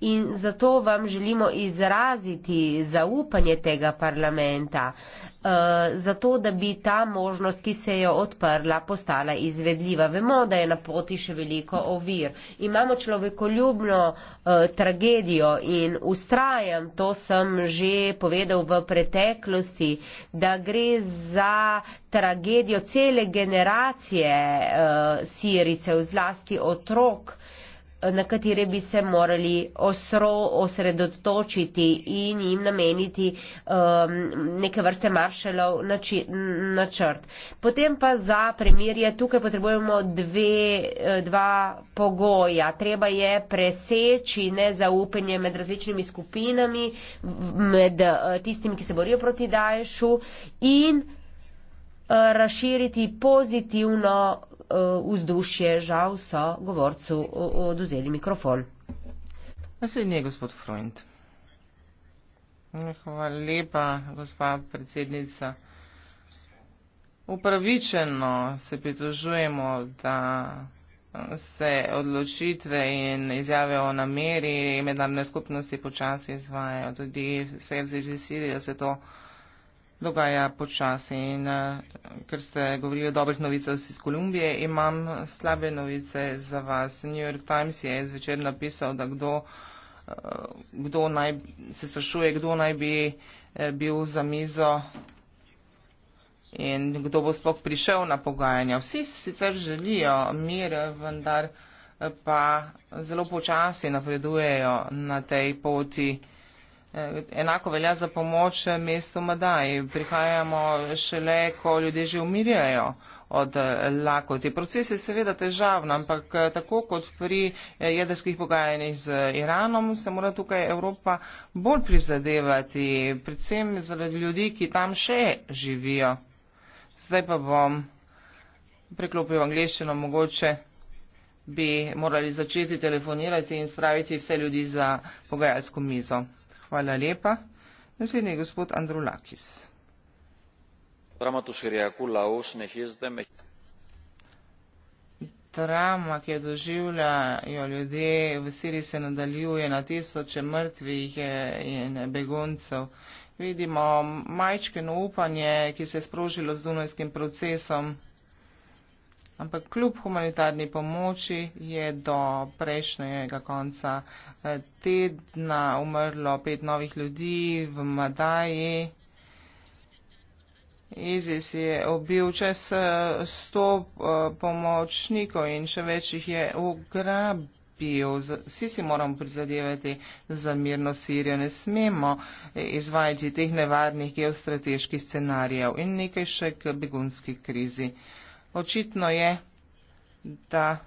[SPEAKER 2] in zato vam želimo izraziti zaupanje tega parlamenta, eh, zato da bi ta možnost, ki se je odprla, postala izvedljiva. Vemo, da je na poti še veliko ovir. Imamo človekoljubno eh, tragedijo in ustrajam, to sem že povedal v preteklosti, da gre za tragedijo cele generacije eh, Sirice, v zlasti otrok na katere bi se morali osro osredotočiti in jim nameniti um, neke vrste maršalov načrt. Potem pa za premirje tukaj potrebujemo dve, eh, dva pogoja. Treba je preseči nezaupanje med različnimi skupinami, med eh, tistimi, ki se borijo proti Daješu in eh, razširiti pozitivno Eh, vzdušje, žal so govorcu eh, oduzeli mikrofon. Naslednji je gospod Freund.
[SPEAKER 3] Hvala lepa, gospa predsednica. Upravičeno se pritožujemo, da se odločitve in izjave o nameri mednarodne skupnosti počasi izvajajo. Tudi vse v zvezi s Sirijo se to dogaja počasi. In eh, ker ste govorili o dobrih novicah iz Kolumbije, imam slabe novice za vas. New York Times je zvečer napisal, da kdo, eh, kdo naj, se sprašuje, kdo naj bi eh, bil za mizo in kdo bo sploh prišel na pogajanja. Vsi sicer želijo mir, vendar pa zelo počasi napredujejo na tej poti. Eh, enako velja za pomoč eh, mestu Madaji. Prihajamo šele, ko ljudje že umirjajo od eh, lakoti. Proces je seveda težaven, ampak tako kot pri jedrskih pogajanjih z Iranom, se mora tukaj Evropa bolj prizadevati, predvsem zaradi ljudi, ki tam še živijo. Zdaj pa bom preklopil angliščino, mogoče bi morali začeti telefonirati in spraviti vse ljudi za pogajalsko mizo. Hvala lepa. Naslednji je gospod Andrulakis. Drama, ki jo doživljajo ljudje v Siriji, se nadaljuje na tisoče mrtvih eh, in beguncev. Vidimo majčkeno upanje, ki se je sprožilo z dunajskim procesom. Ampak kljub humanitarni pomoči je do prejšnjega konca eh, tedna umrlo pet novih ljudi v Madaji. Izis je obil čez eh, sto eh, pomočnikov in še več jih je ugrabil. Vsi si moramo prizadevati za mirno Sirijo. Ne smemo izvajati teh nevarnih geostrateških scenarijev in nekaj še k begunski krizi očitno je, da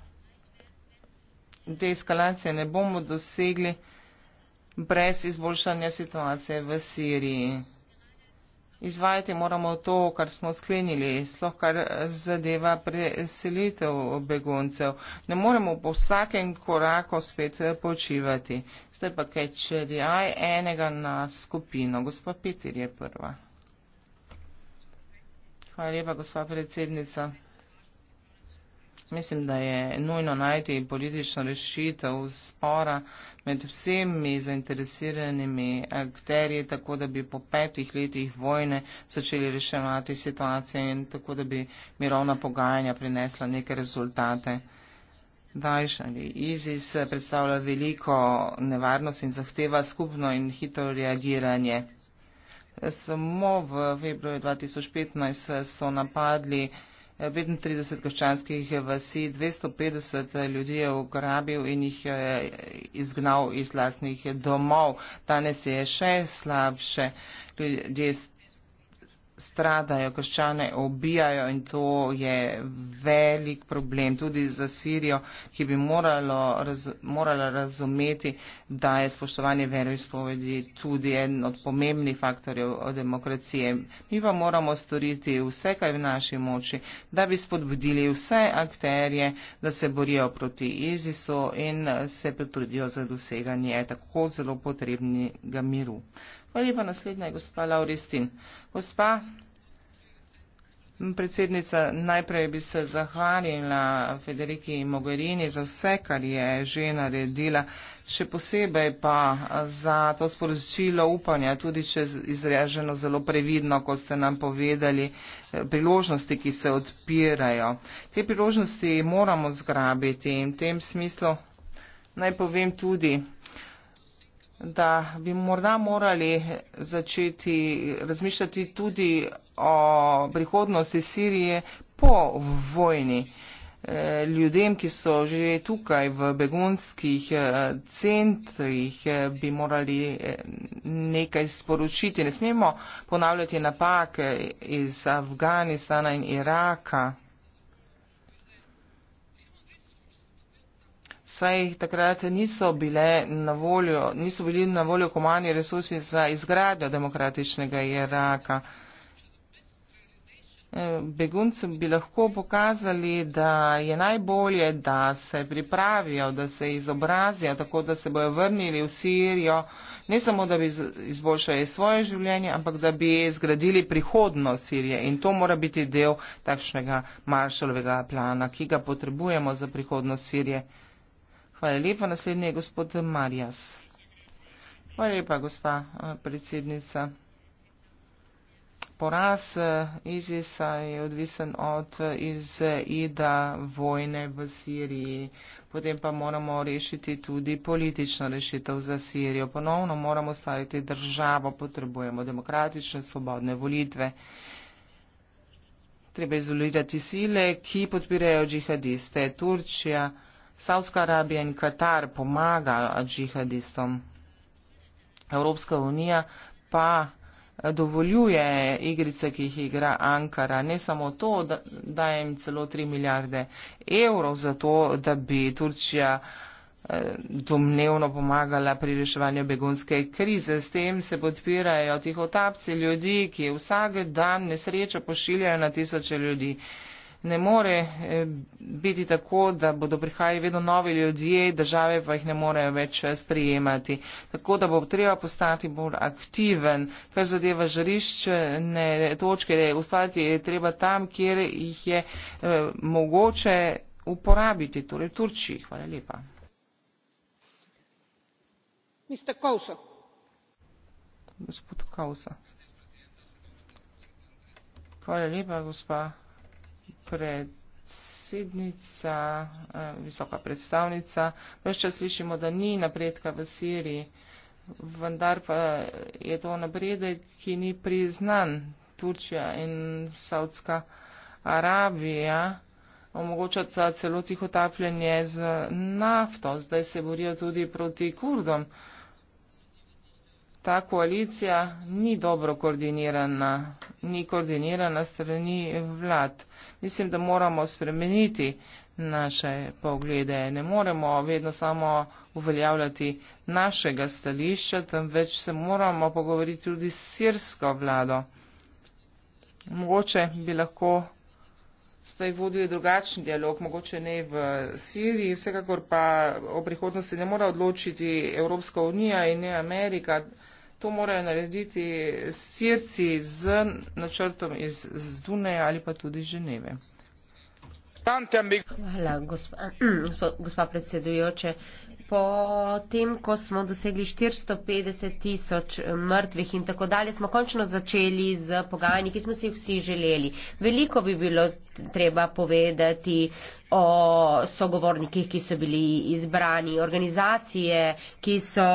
[SPEAKER 3] te eskalacije ne bomo dosegli brez izboljšanja situacije v Siriji. Izvajati moramo to, kar smo sklenili, sloh kar zadeva preselitev beguncev. Ne moremo po vsakem koraku spet počivati. Zdaj pa keč dihaj enega na skupino. Gospa Peter je prva. Hvala lepa, gospa predsednica. Mislim, da je nujno najti politično rešitev spora med vsemi zainteresiranimi akterji, tako da bi po petih letih vojne začeli reševati situacije in tako da bi mirovna pogajanja prinesla neke rezultate. Daesh ali ISIS predstavlja veliko nevarnost in zahteva skupno in hitro reagiranje. Samo v februarju 2015 so napadli 35 krščanskih vasi, 250 ljudi je ugrabil in jih je eh, izgnal iz vlastnih domov. Danes je še slabše. Ljudje stradajo, krščane obijajo in to je velik problem tudi za Sirijo, ki bi moralo, raz, morala razumeti, da je spoštovanje veroizpovedi tudi en od pomembnih faktorjev demokracije. Mi pa moramo storiti vse, kaj v naši moči, da bi spodbudili vse akterje, da se borijo proti Izisu in se potrudijo za doseganje tako zelo potrebnega miru. Pa lepa naslednja je gospa Lauristin. Gospa predsednica, najprej bi se zahvalila Federiki Mogherini za vse, kar je že naredila, še posebej pa za to sporočilo upanja, tudi če je izraženo zelo previdno, ko ste nam povedali eh, priložnosti, ki se odpirajo. Te priložnosti moramo zgrabiti in v tem smislu naj povem tudi, da bi morda morali začeti razmišljati tudi o prihodnosti Sirije po vojni. Eh, ljudem, ki so že tukaj v begunskih eh, centrih, eh, bi morali nekaj sporočiti. Ne smemo ponavljati napake iz Afganistana in Iraka. saj takrat niso, bile na voljo, niso bili na voljo komani resursi za izgradnjo demokratičnega Iraka. E, Beguncem bi lahko pokazali, da je najbolje, da se pripravijo, da se izobrazijo, tako da se bojo vrnili v Sirijo, ne samo da bi izboljšali svoje življenje, ampak da bi zgradili prihodnost Sirije. In to mora biti del takšnega Marshallovega plana, ki ga potrebujemo za prihodnost Sirije. Hvala lepa. Naslednji je gospod Marjas. Hvala lepa, gospa eh, predsednica. Poraz eh, ISIS-a je odvisen od eh, izida vojne v Siriji. Potem pa moramo rešiti tudi politično rešitev za Sirijo. Ponovno moramo ustvariti državo, potrebujemo demokratične, svobodne volitve. Treba izolirati sile, ki podpirajo džihadiste. Turčija. Saudska Arabija in Katar pomaga džihadistom. Evropska unija pa dovoljuje igrice, ki jih igra Ankara. Ne samo to, da daje jim celo 3 milijarde evrov za to, da bi Turčija eh, domnevno pomagala pri reševanju begunske krize. S tem se podpirajo tihotapci ljudi, ki vsak dan nesreča pošiljajo na tisoče ljudi ne more eh, biti tako, da bodo prihajali vedno novi ljudje, države pa jih ne morejo več eh, sprijemati. Tako da bo treba postati bolj aktiven, kar zadeva žariščne točke, ustvariti je treba tam, kjer jih je eh, mogoče uporabiti, torej v Turčiji. Hvala lepa. Mr. Kousa. Gospod Kousa. Hvala lepa, gospa predsednica, eh, visoka predstavnica, veččas slišimo, da ni napredka v Siriji, vendar pa je to napredek, ki ni priznan. Turčija in Saudska Arabija omogočata celo tih otapljanje z nafto, zdaj se borijo tudi proti kurdom. Uh, ta koalicija ni dobro koordinirana, ni koordinirana strani vlad. Mislim, da moramo spremeniti naše poglede. Ne moremo vedno samo uveljavljati našega stališča, temveč se moramo pogovoriti tudi s sirsko vlado. Mogoče bi lahko zdaj vodili drugačen dialog, mogoče ne v Siriji, vsekakor pa o prihodnosti ne mora odločiti Evropska unija in ne Amerika. To morajo narediti sirci z načrtom iz Duneja ali pa tudi Ženeve.
[SPEAKER 2] Hvala, gospa, gospa predsedujoče. Po tem, ko smo dosegli 450 tisoč eh, mrtvih in tako dalje, smo končno začeli z pogajanji, ki smo si jih vsi želeli. Veliko bi bilo treba povedati, o sogovornikih, ki so bili izbrani, organizacije, ki so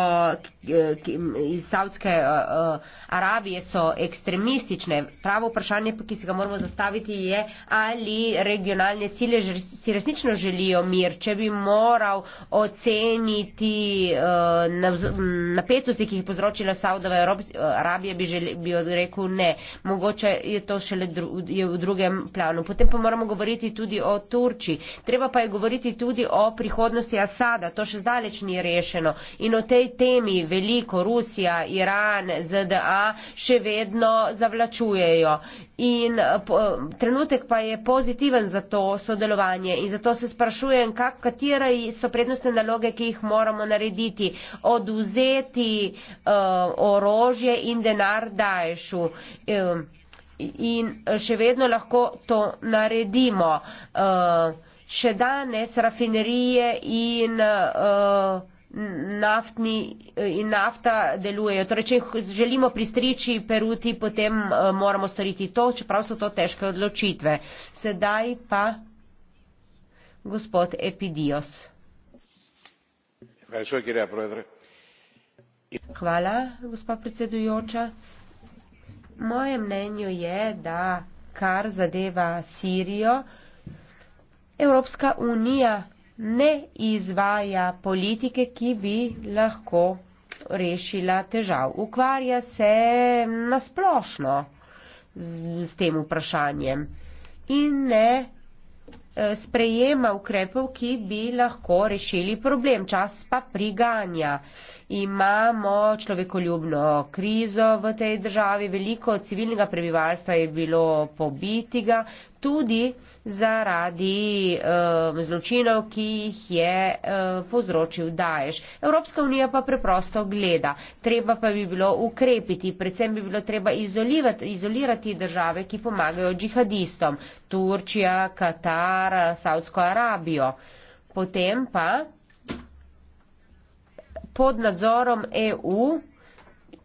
[SPEAKER 2] ki, iz Saudske uh, eh, eh, Arabije, so ekstremistične. Pravo vprašanje, ki si ga moramo zastaviti, je, ali regionalne sile si resnično želijo mir, če bi moral oceniti uh, napetosti, ki jih je povzročila Saudova Arabija, bi, želi, bi odrekel ne. Mogoče je to šele dru, je v drugem planu. Potem pa moramo govoriti tudi o Turčiji. Treba pa je govoriti tudi o prihodnosti Asada, to še zdaleč ni rešeno. In o tej temi veliko Rusija, Iran, ZDA še vedno zavlačujejo. In po, trenutek pa je pozitiven za to sodelovanje in zato se sprašujem, kak, katere so prednostne naloge, ki jih moramo narediti. Oduzeti uh, orožje in denar Daješu. Uh, in eh, še vedno lahko to naredimo. Eh, še danes rafinerije in eh, naftni in nafta delujejo. Torej, če želimo pristriči peruti, potem moramo storiti to, čeprav so to težke odločitve. Sedaj pa gospod Epidios. Hvala, gospa predsedujoča moje mnenje je, da kar zadeva Sirijo, Evropska unija ne izvaja politike, ki bi lahko rešila težav. Ukvarja se nasplošno z, z tem vprašanjem in ne eh, sprejema ukrepov, ki bi lahko rešili problem. Čas pa priganja imamo človekoljubno krizo v tej državi, veliko civilnega prebivalstva je bilo pobitega tudi zaradi um, zločinov, ki jih je um, povzročil Daješ. Evropska unija pa preprosto gleda. Treba pa bi bilo ukrepiti, predvsem bi bilo treba izolirati države, ki pomagajo džihadistom. Turčija, Katar, Saudsko Arabijo. Potem pa pod nadzorom EU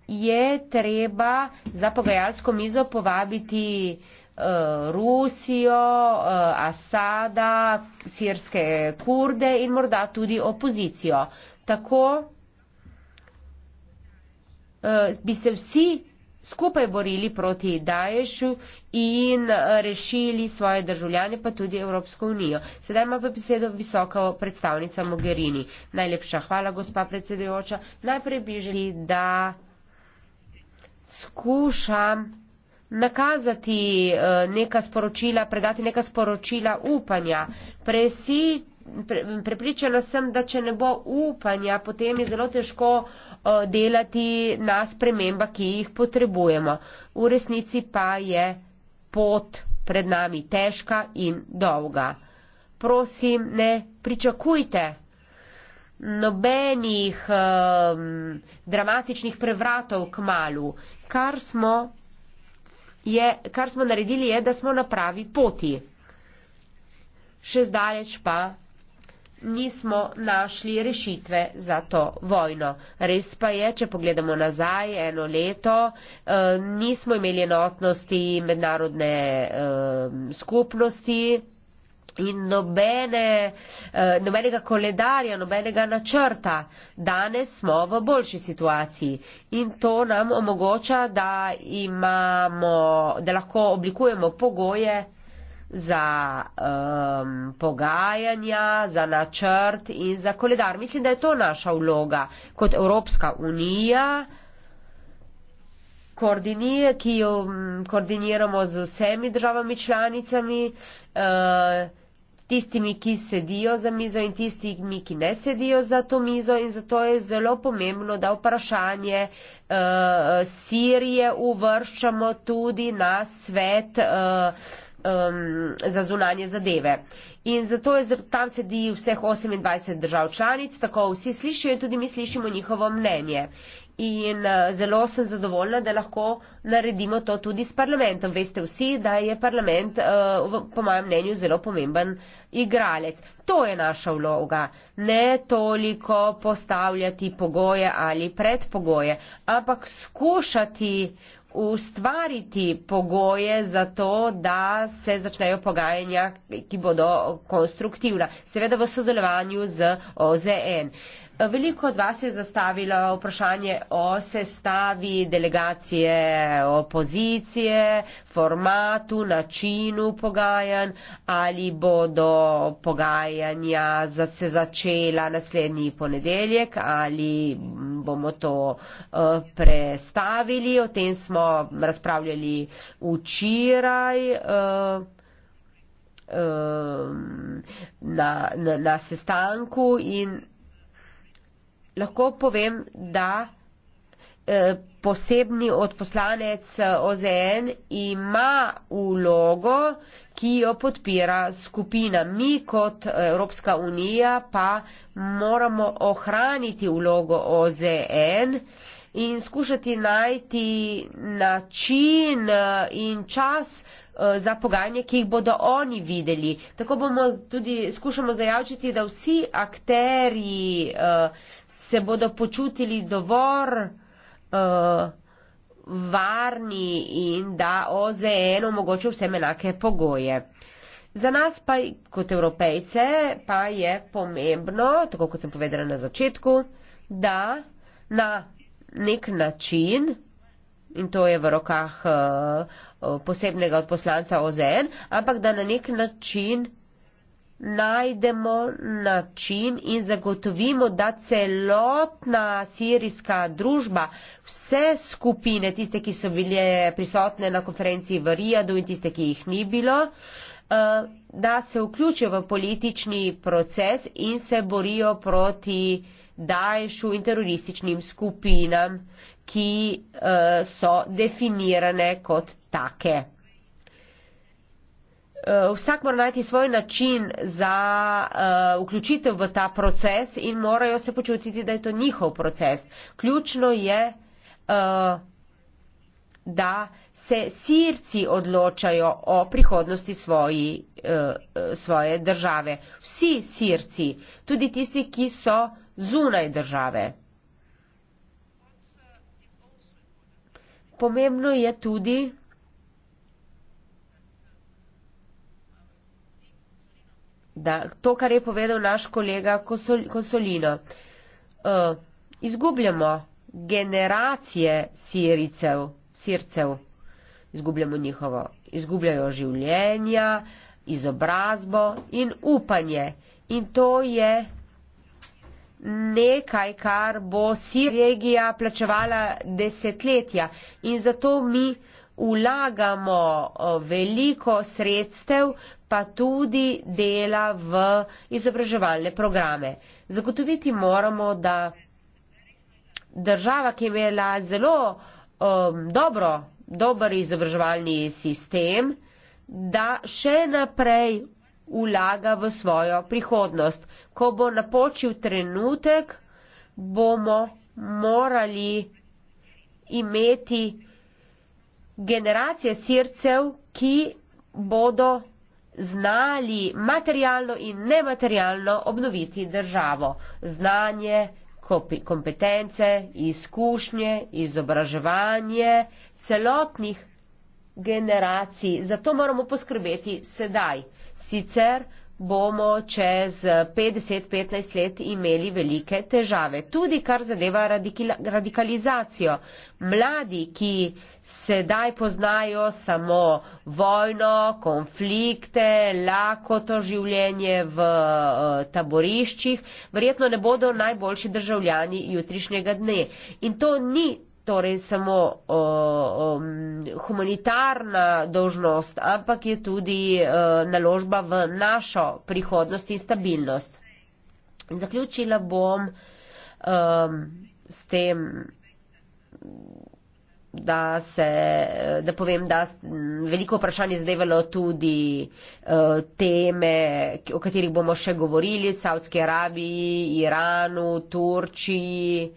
[SPEAKER 2] je treba za pogajalsko mizo povabiti e, Rusijo, e, Asada, sirske kurde in morda tudi opozicijo. Tako e, bi se vsi skupaj borili proti Daješu in eh, rešili svoje državljane, pa tudi Evropsko unijo. Sedaj ima pa besedo visoka predstavnica Mogherini. Najlepša hvala, gospa predsedujoča. Najprej bi želi, da skušam nakazati eh, neka sporočila, predati neka sporočila upanja. Presi pre, prepričala sem, da če ne bo upanja, potem je zelo težko uh, delati na sprememba, ki jih potrebujemo. V resnici pa je pot pred nami težka in dolga. Prosim, ne pričakujte nobenih um, dramatičnih prevratov k malu. Kar smo, je, kar smo naredili je, da smo na pravi poti. Še zdaleč pa nismo našli rešitve za to vojno. Res pa je, če pogledamo nazaj eno leto, eh, nismo imeli enotnosti mednarodne eh, skupnosti. In nobene, eh, nobenega koledarja, nobenega načrta. Danes smo v boljši situaciji in to nam omogoča, da, imamo, da lahko oblikujemo pogoje za um, pogajanja, za načrt in za koledar. Mislim, da je to naša vloga kot Evropska unija, ki jo um, koordiniramo z vsemi državami članicami, uh, tistimi, ki sedijo za mizo in tistimi, ki ne sedijo za to mizo. In zato je zelo pomembno, da vprašanje uh, Sirije uvrščamo tudi na svet. Uh, um, za zunanje zadeve. In zato je tam sedi vseh 28 držav članic, tako vsi slišijo in tudi mi slišimo njihovo mnenje. In uh, zelo sem zadovoljna, da lahko naredimo to tudi s parlamentom. Veste vsi, da je parlament, uh, po mojem mnenju, zelo pomemben igralec. To je naša vloga. Ne toliko postavljati pogoje ali predpogoje, ampak skušati uh, ustvariti pogoje za to, da se začnejo pogajanja, ki bodo konstruktivna, seveda v sodelovanju z OZN. Uh, Veliko od vas je zastavilo vprašanje o sestavi delegacije opozicije, formatu, načinu pogajanj, ali bodo pogajanja za se začela naslednji ponedeljek ali bomo to eh, prestavili. O tem smo razpravljali včeraj. Eh, eh, na, na, na sestanku in lahko povem, da eh, posebni odposlanec eh, OZN ima vlogo, ki jo podpira skupina. Mi kot Evropska unija pa moramo ohraniti vlogo OZN in skušati najti način eh, in čas za pogajanje, ki jih bodo oni videli. Tako bomo tudi skušamo zajavčiti, da vsi akteri se bodo počutili dovolj uh, varni in da OZN omogoča vsem enake pogoje. Za nas pa kot evropejce pa je pomembno, tako kot sem povedala na začetku, da na nek način, in to je v rokah uh, posebnega odposlanca OZN, ampak da na nek način najdemo način in zagotovimo, da celotna sirijska družba, vse skupine, tiste, ki so bile prisotne na konferenci v Rijadu in tiste, ki jih ni bilo, eh, da se vključijo v politični proces in se borijo proti Daješu in terorističnim skupinam, ki eh, so definirane kot take. Eh, vsak mora najti svoj način za uh, vključitev v ta proces in morajo se počutiti, da je to njihov proces. Ključno je, uh, da se sirci odločajo o prihodnosti svoji, uh, svoje države. Vsi sirci, tudi tisti, ki so zunaj države. Pomembno je tudi, da to, kar je povedal naš kolega Kosol, Kosolino, uh, izgubljamo generacije siricev, sircev, izgubljamo njihovo, izgubljajo življenja, izobrazbo in upanje. In to je nekaj, kar bo sir regija plačevala desetletja. In zato mi vlagamo veliko sredstev, pa tudi dela v izobraževalne programe. Zagotoviti moramo, da država, ki je imela zelo um, dobro, dober izobraževalni sistem, da še naprej vlaga v svojo prihodnost. Ko bo napočil trenutek, bomo morali imeti generacije sircev, ki bodo znali materialno in nematerialno obnoviti državo. Znanje, kompetence, izkušnje, izobraževanje celotnih generacij. Zato moramo poskrbeti sedaj. Sicer bomo čez 50-15 let imeli velike težave. Tudi kar zadeva radikalizacijo. Mladi, ki sedaj poznajo samo vojno, konflikte, lakoto življenje v eh, taboriščih, verjetno ne bodo najboljši državljani jutrišnjega dne. In to ni torej samo o, o, humanitarna dožnost, ampak je tudi o, naložba v našo prihodnost in stabilnost. Zaključila bom o, um, s tem, da, se, da povem, da veliko vprašanj je zadevalo tudi o, teme, o katerih bomo še govorili, Saudski Arabiji, Iranu, Turčiji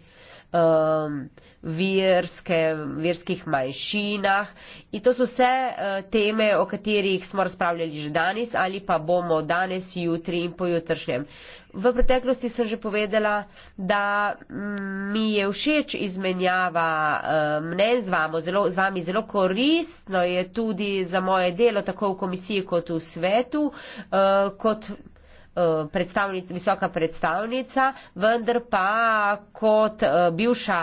[SPEAKER 2] um, verske, verskih manjšinah. In to so vse uh, teme, o katerih smo razpravljali že danes ali pa bomo danes, jutri in pojutršnjem. V preteklosti sem že povedala, da mm, mi je všeč izmenjava uh, mnen z, vamo, zelo, z vami, zelo koristno je tudi za moje delo, tako v komisiji kot v svetu, uh, kot Eh, predstavnica, visoka predstavnica, vendar pa kot eh, bivša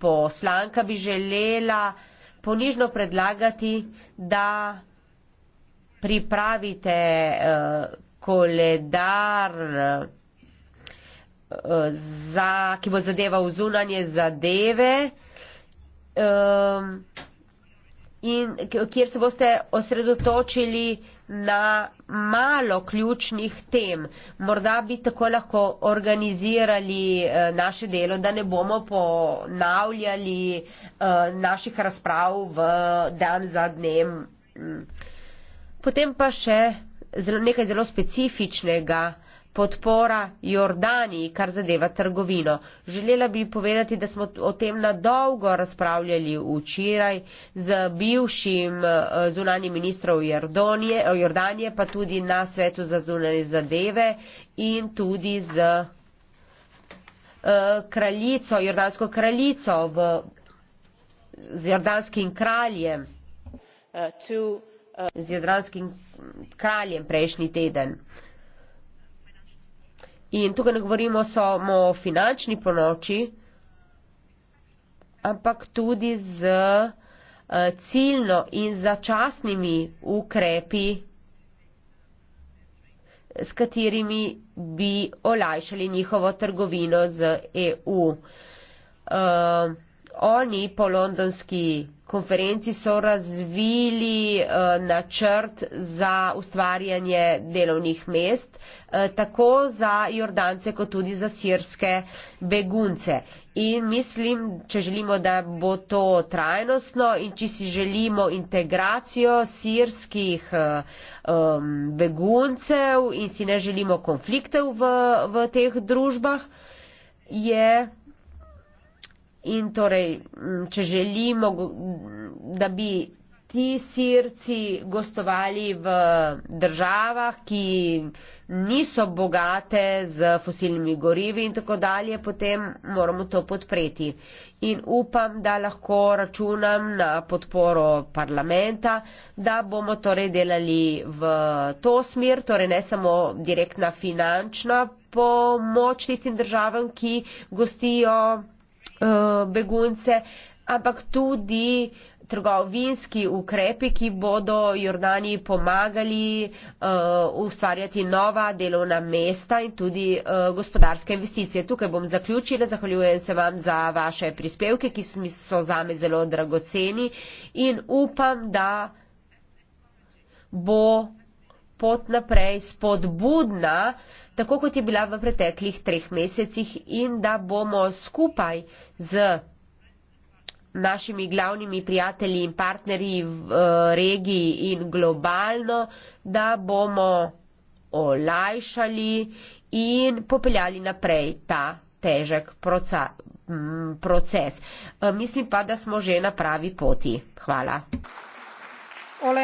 [SPEAKER 2] poslanka bi želela ponižno predlagati, da pripravite eh, koledar, za, ki bo zadeval zunanje zadeve. In kjer se boste osredotočili na malo ključnih tem. Morda bi tako lahko organizirali eh, naše delo, da ne bomo ponavljali eh, naših razprav v dan za dnem. Mm. Potem pa še nekaj zelo specifičnega podpora Jordaniji, kar zadeva trgovino. Želela bi povedati, da smo o tem na dolgo razpravljali včeraj z bivšim eh, zunanjim ministrom Jordanije, pa tudi na svetu za zunanje zadeve in tudi z eh, kraljico, jordansko kraljico v, z jordanskim kraljem. Eh, z jordanskim kraljem prejšnji teden. In tukaj ne govorimo samo o finančni pomoči, ampak tudi z eh, ciljno in začasnimi ukrepi, s katerimi bi olajšali njihovo trgovino z EU. Uh, eh, oni po londonski konferenci so razvili eh, načrt za ustvarjanje delovnih mest, eh, tako za Jordance kot tudi za sirske begunce. In mislim, če želimo, da bo to trajnostno in če si želimo integracijo sirskih um, beguncev in si ne želimo konfliktov v, v teh družbah, je In torej, če želimo, da bi ti sirci gostovali v državah, ki niso bogate z fosilnimi gorivi in tako dalje, potem moramo to podpreti. In upam, da lahko računam na podporo parlamenta, da bomo torej delali v to smer, torej ne samo direktna finančna pomoč tistim državam, ki gostijo Eh, begunce, ampak tudi trgovinski ukrepi, ki bodo Jordani pomagali uh, ustvarjati nova delovna mesta in tudi uh, gospodarske investicije. Tukaj bom zaključila, zahvaljujem se vam za vaše prispevke, ki so zame zelo dragoceni in upam, da bo pot naprej spodbudna, tako kot je bila v preteklih treh mesecih in da bomo skupaj z našimi glavnimi prijatelji in partnerji v eh, regiji in globalno, da bomo olajšali in popeljali naprej ta težek proces. Eh, mislim pa, da smo že na pravi poti. Hvala.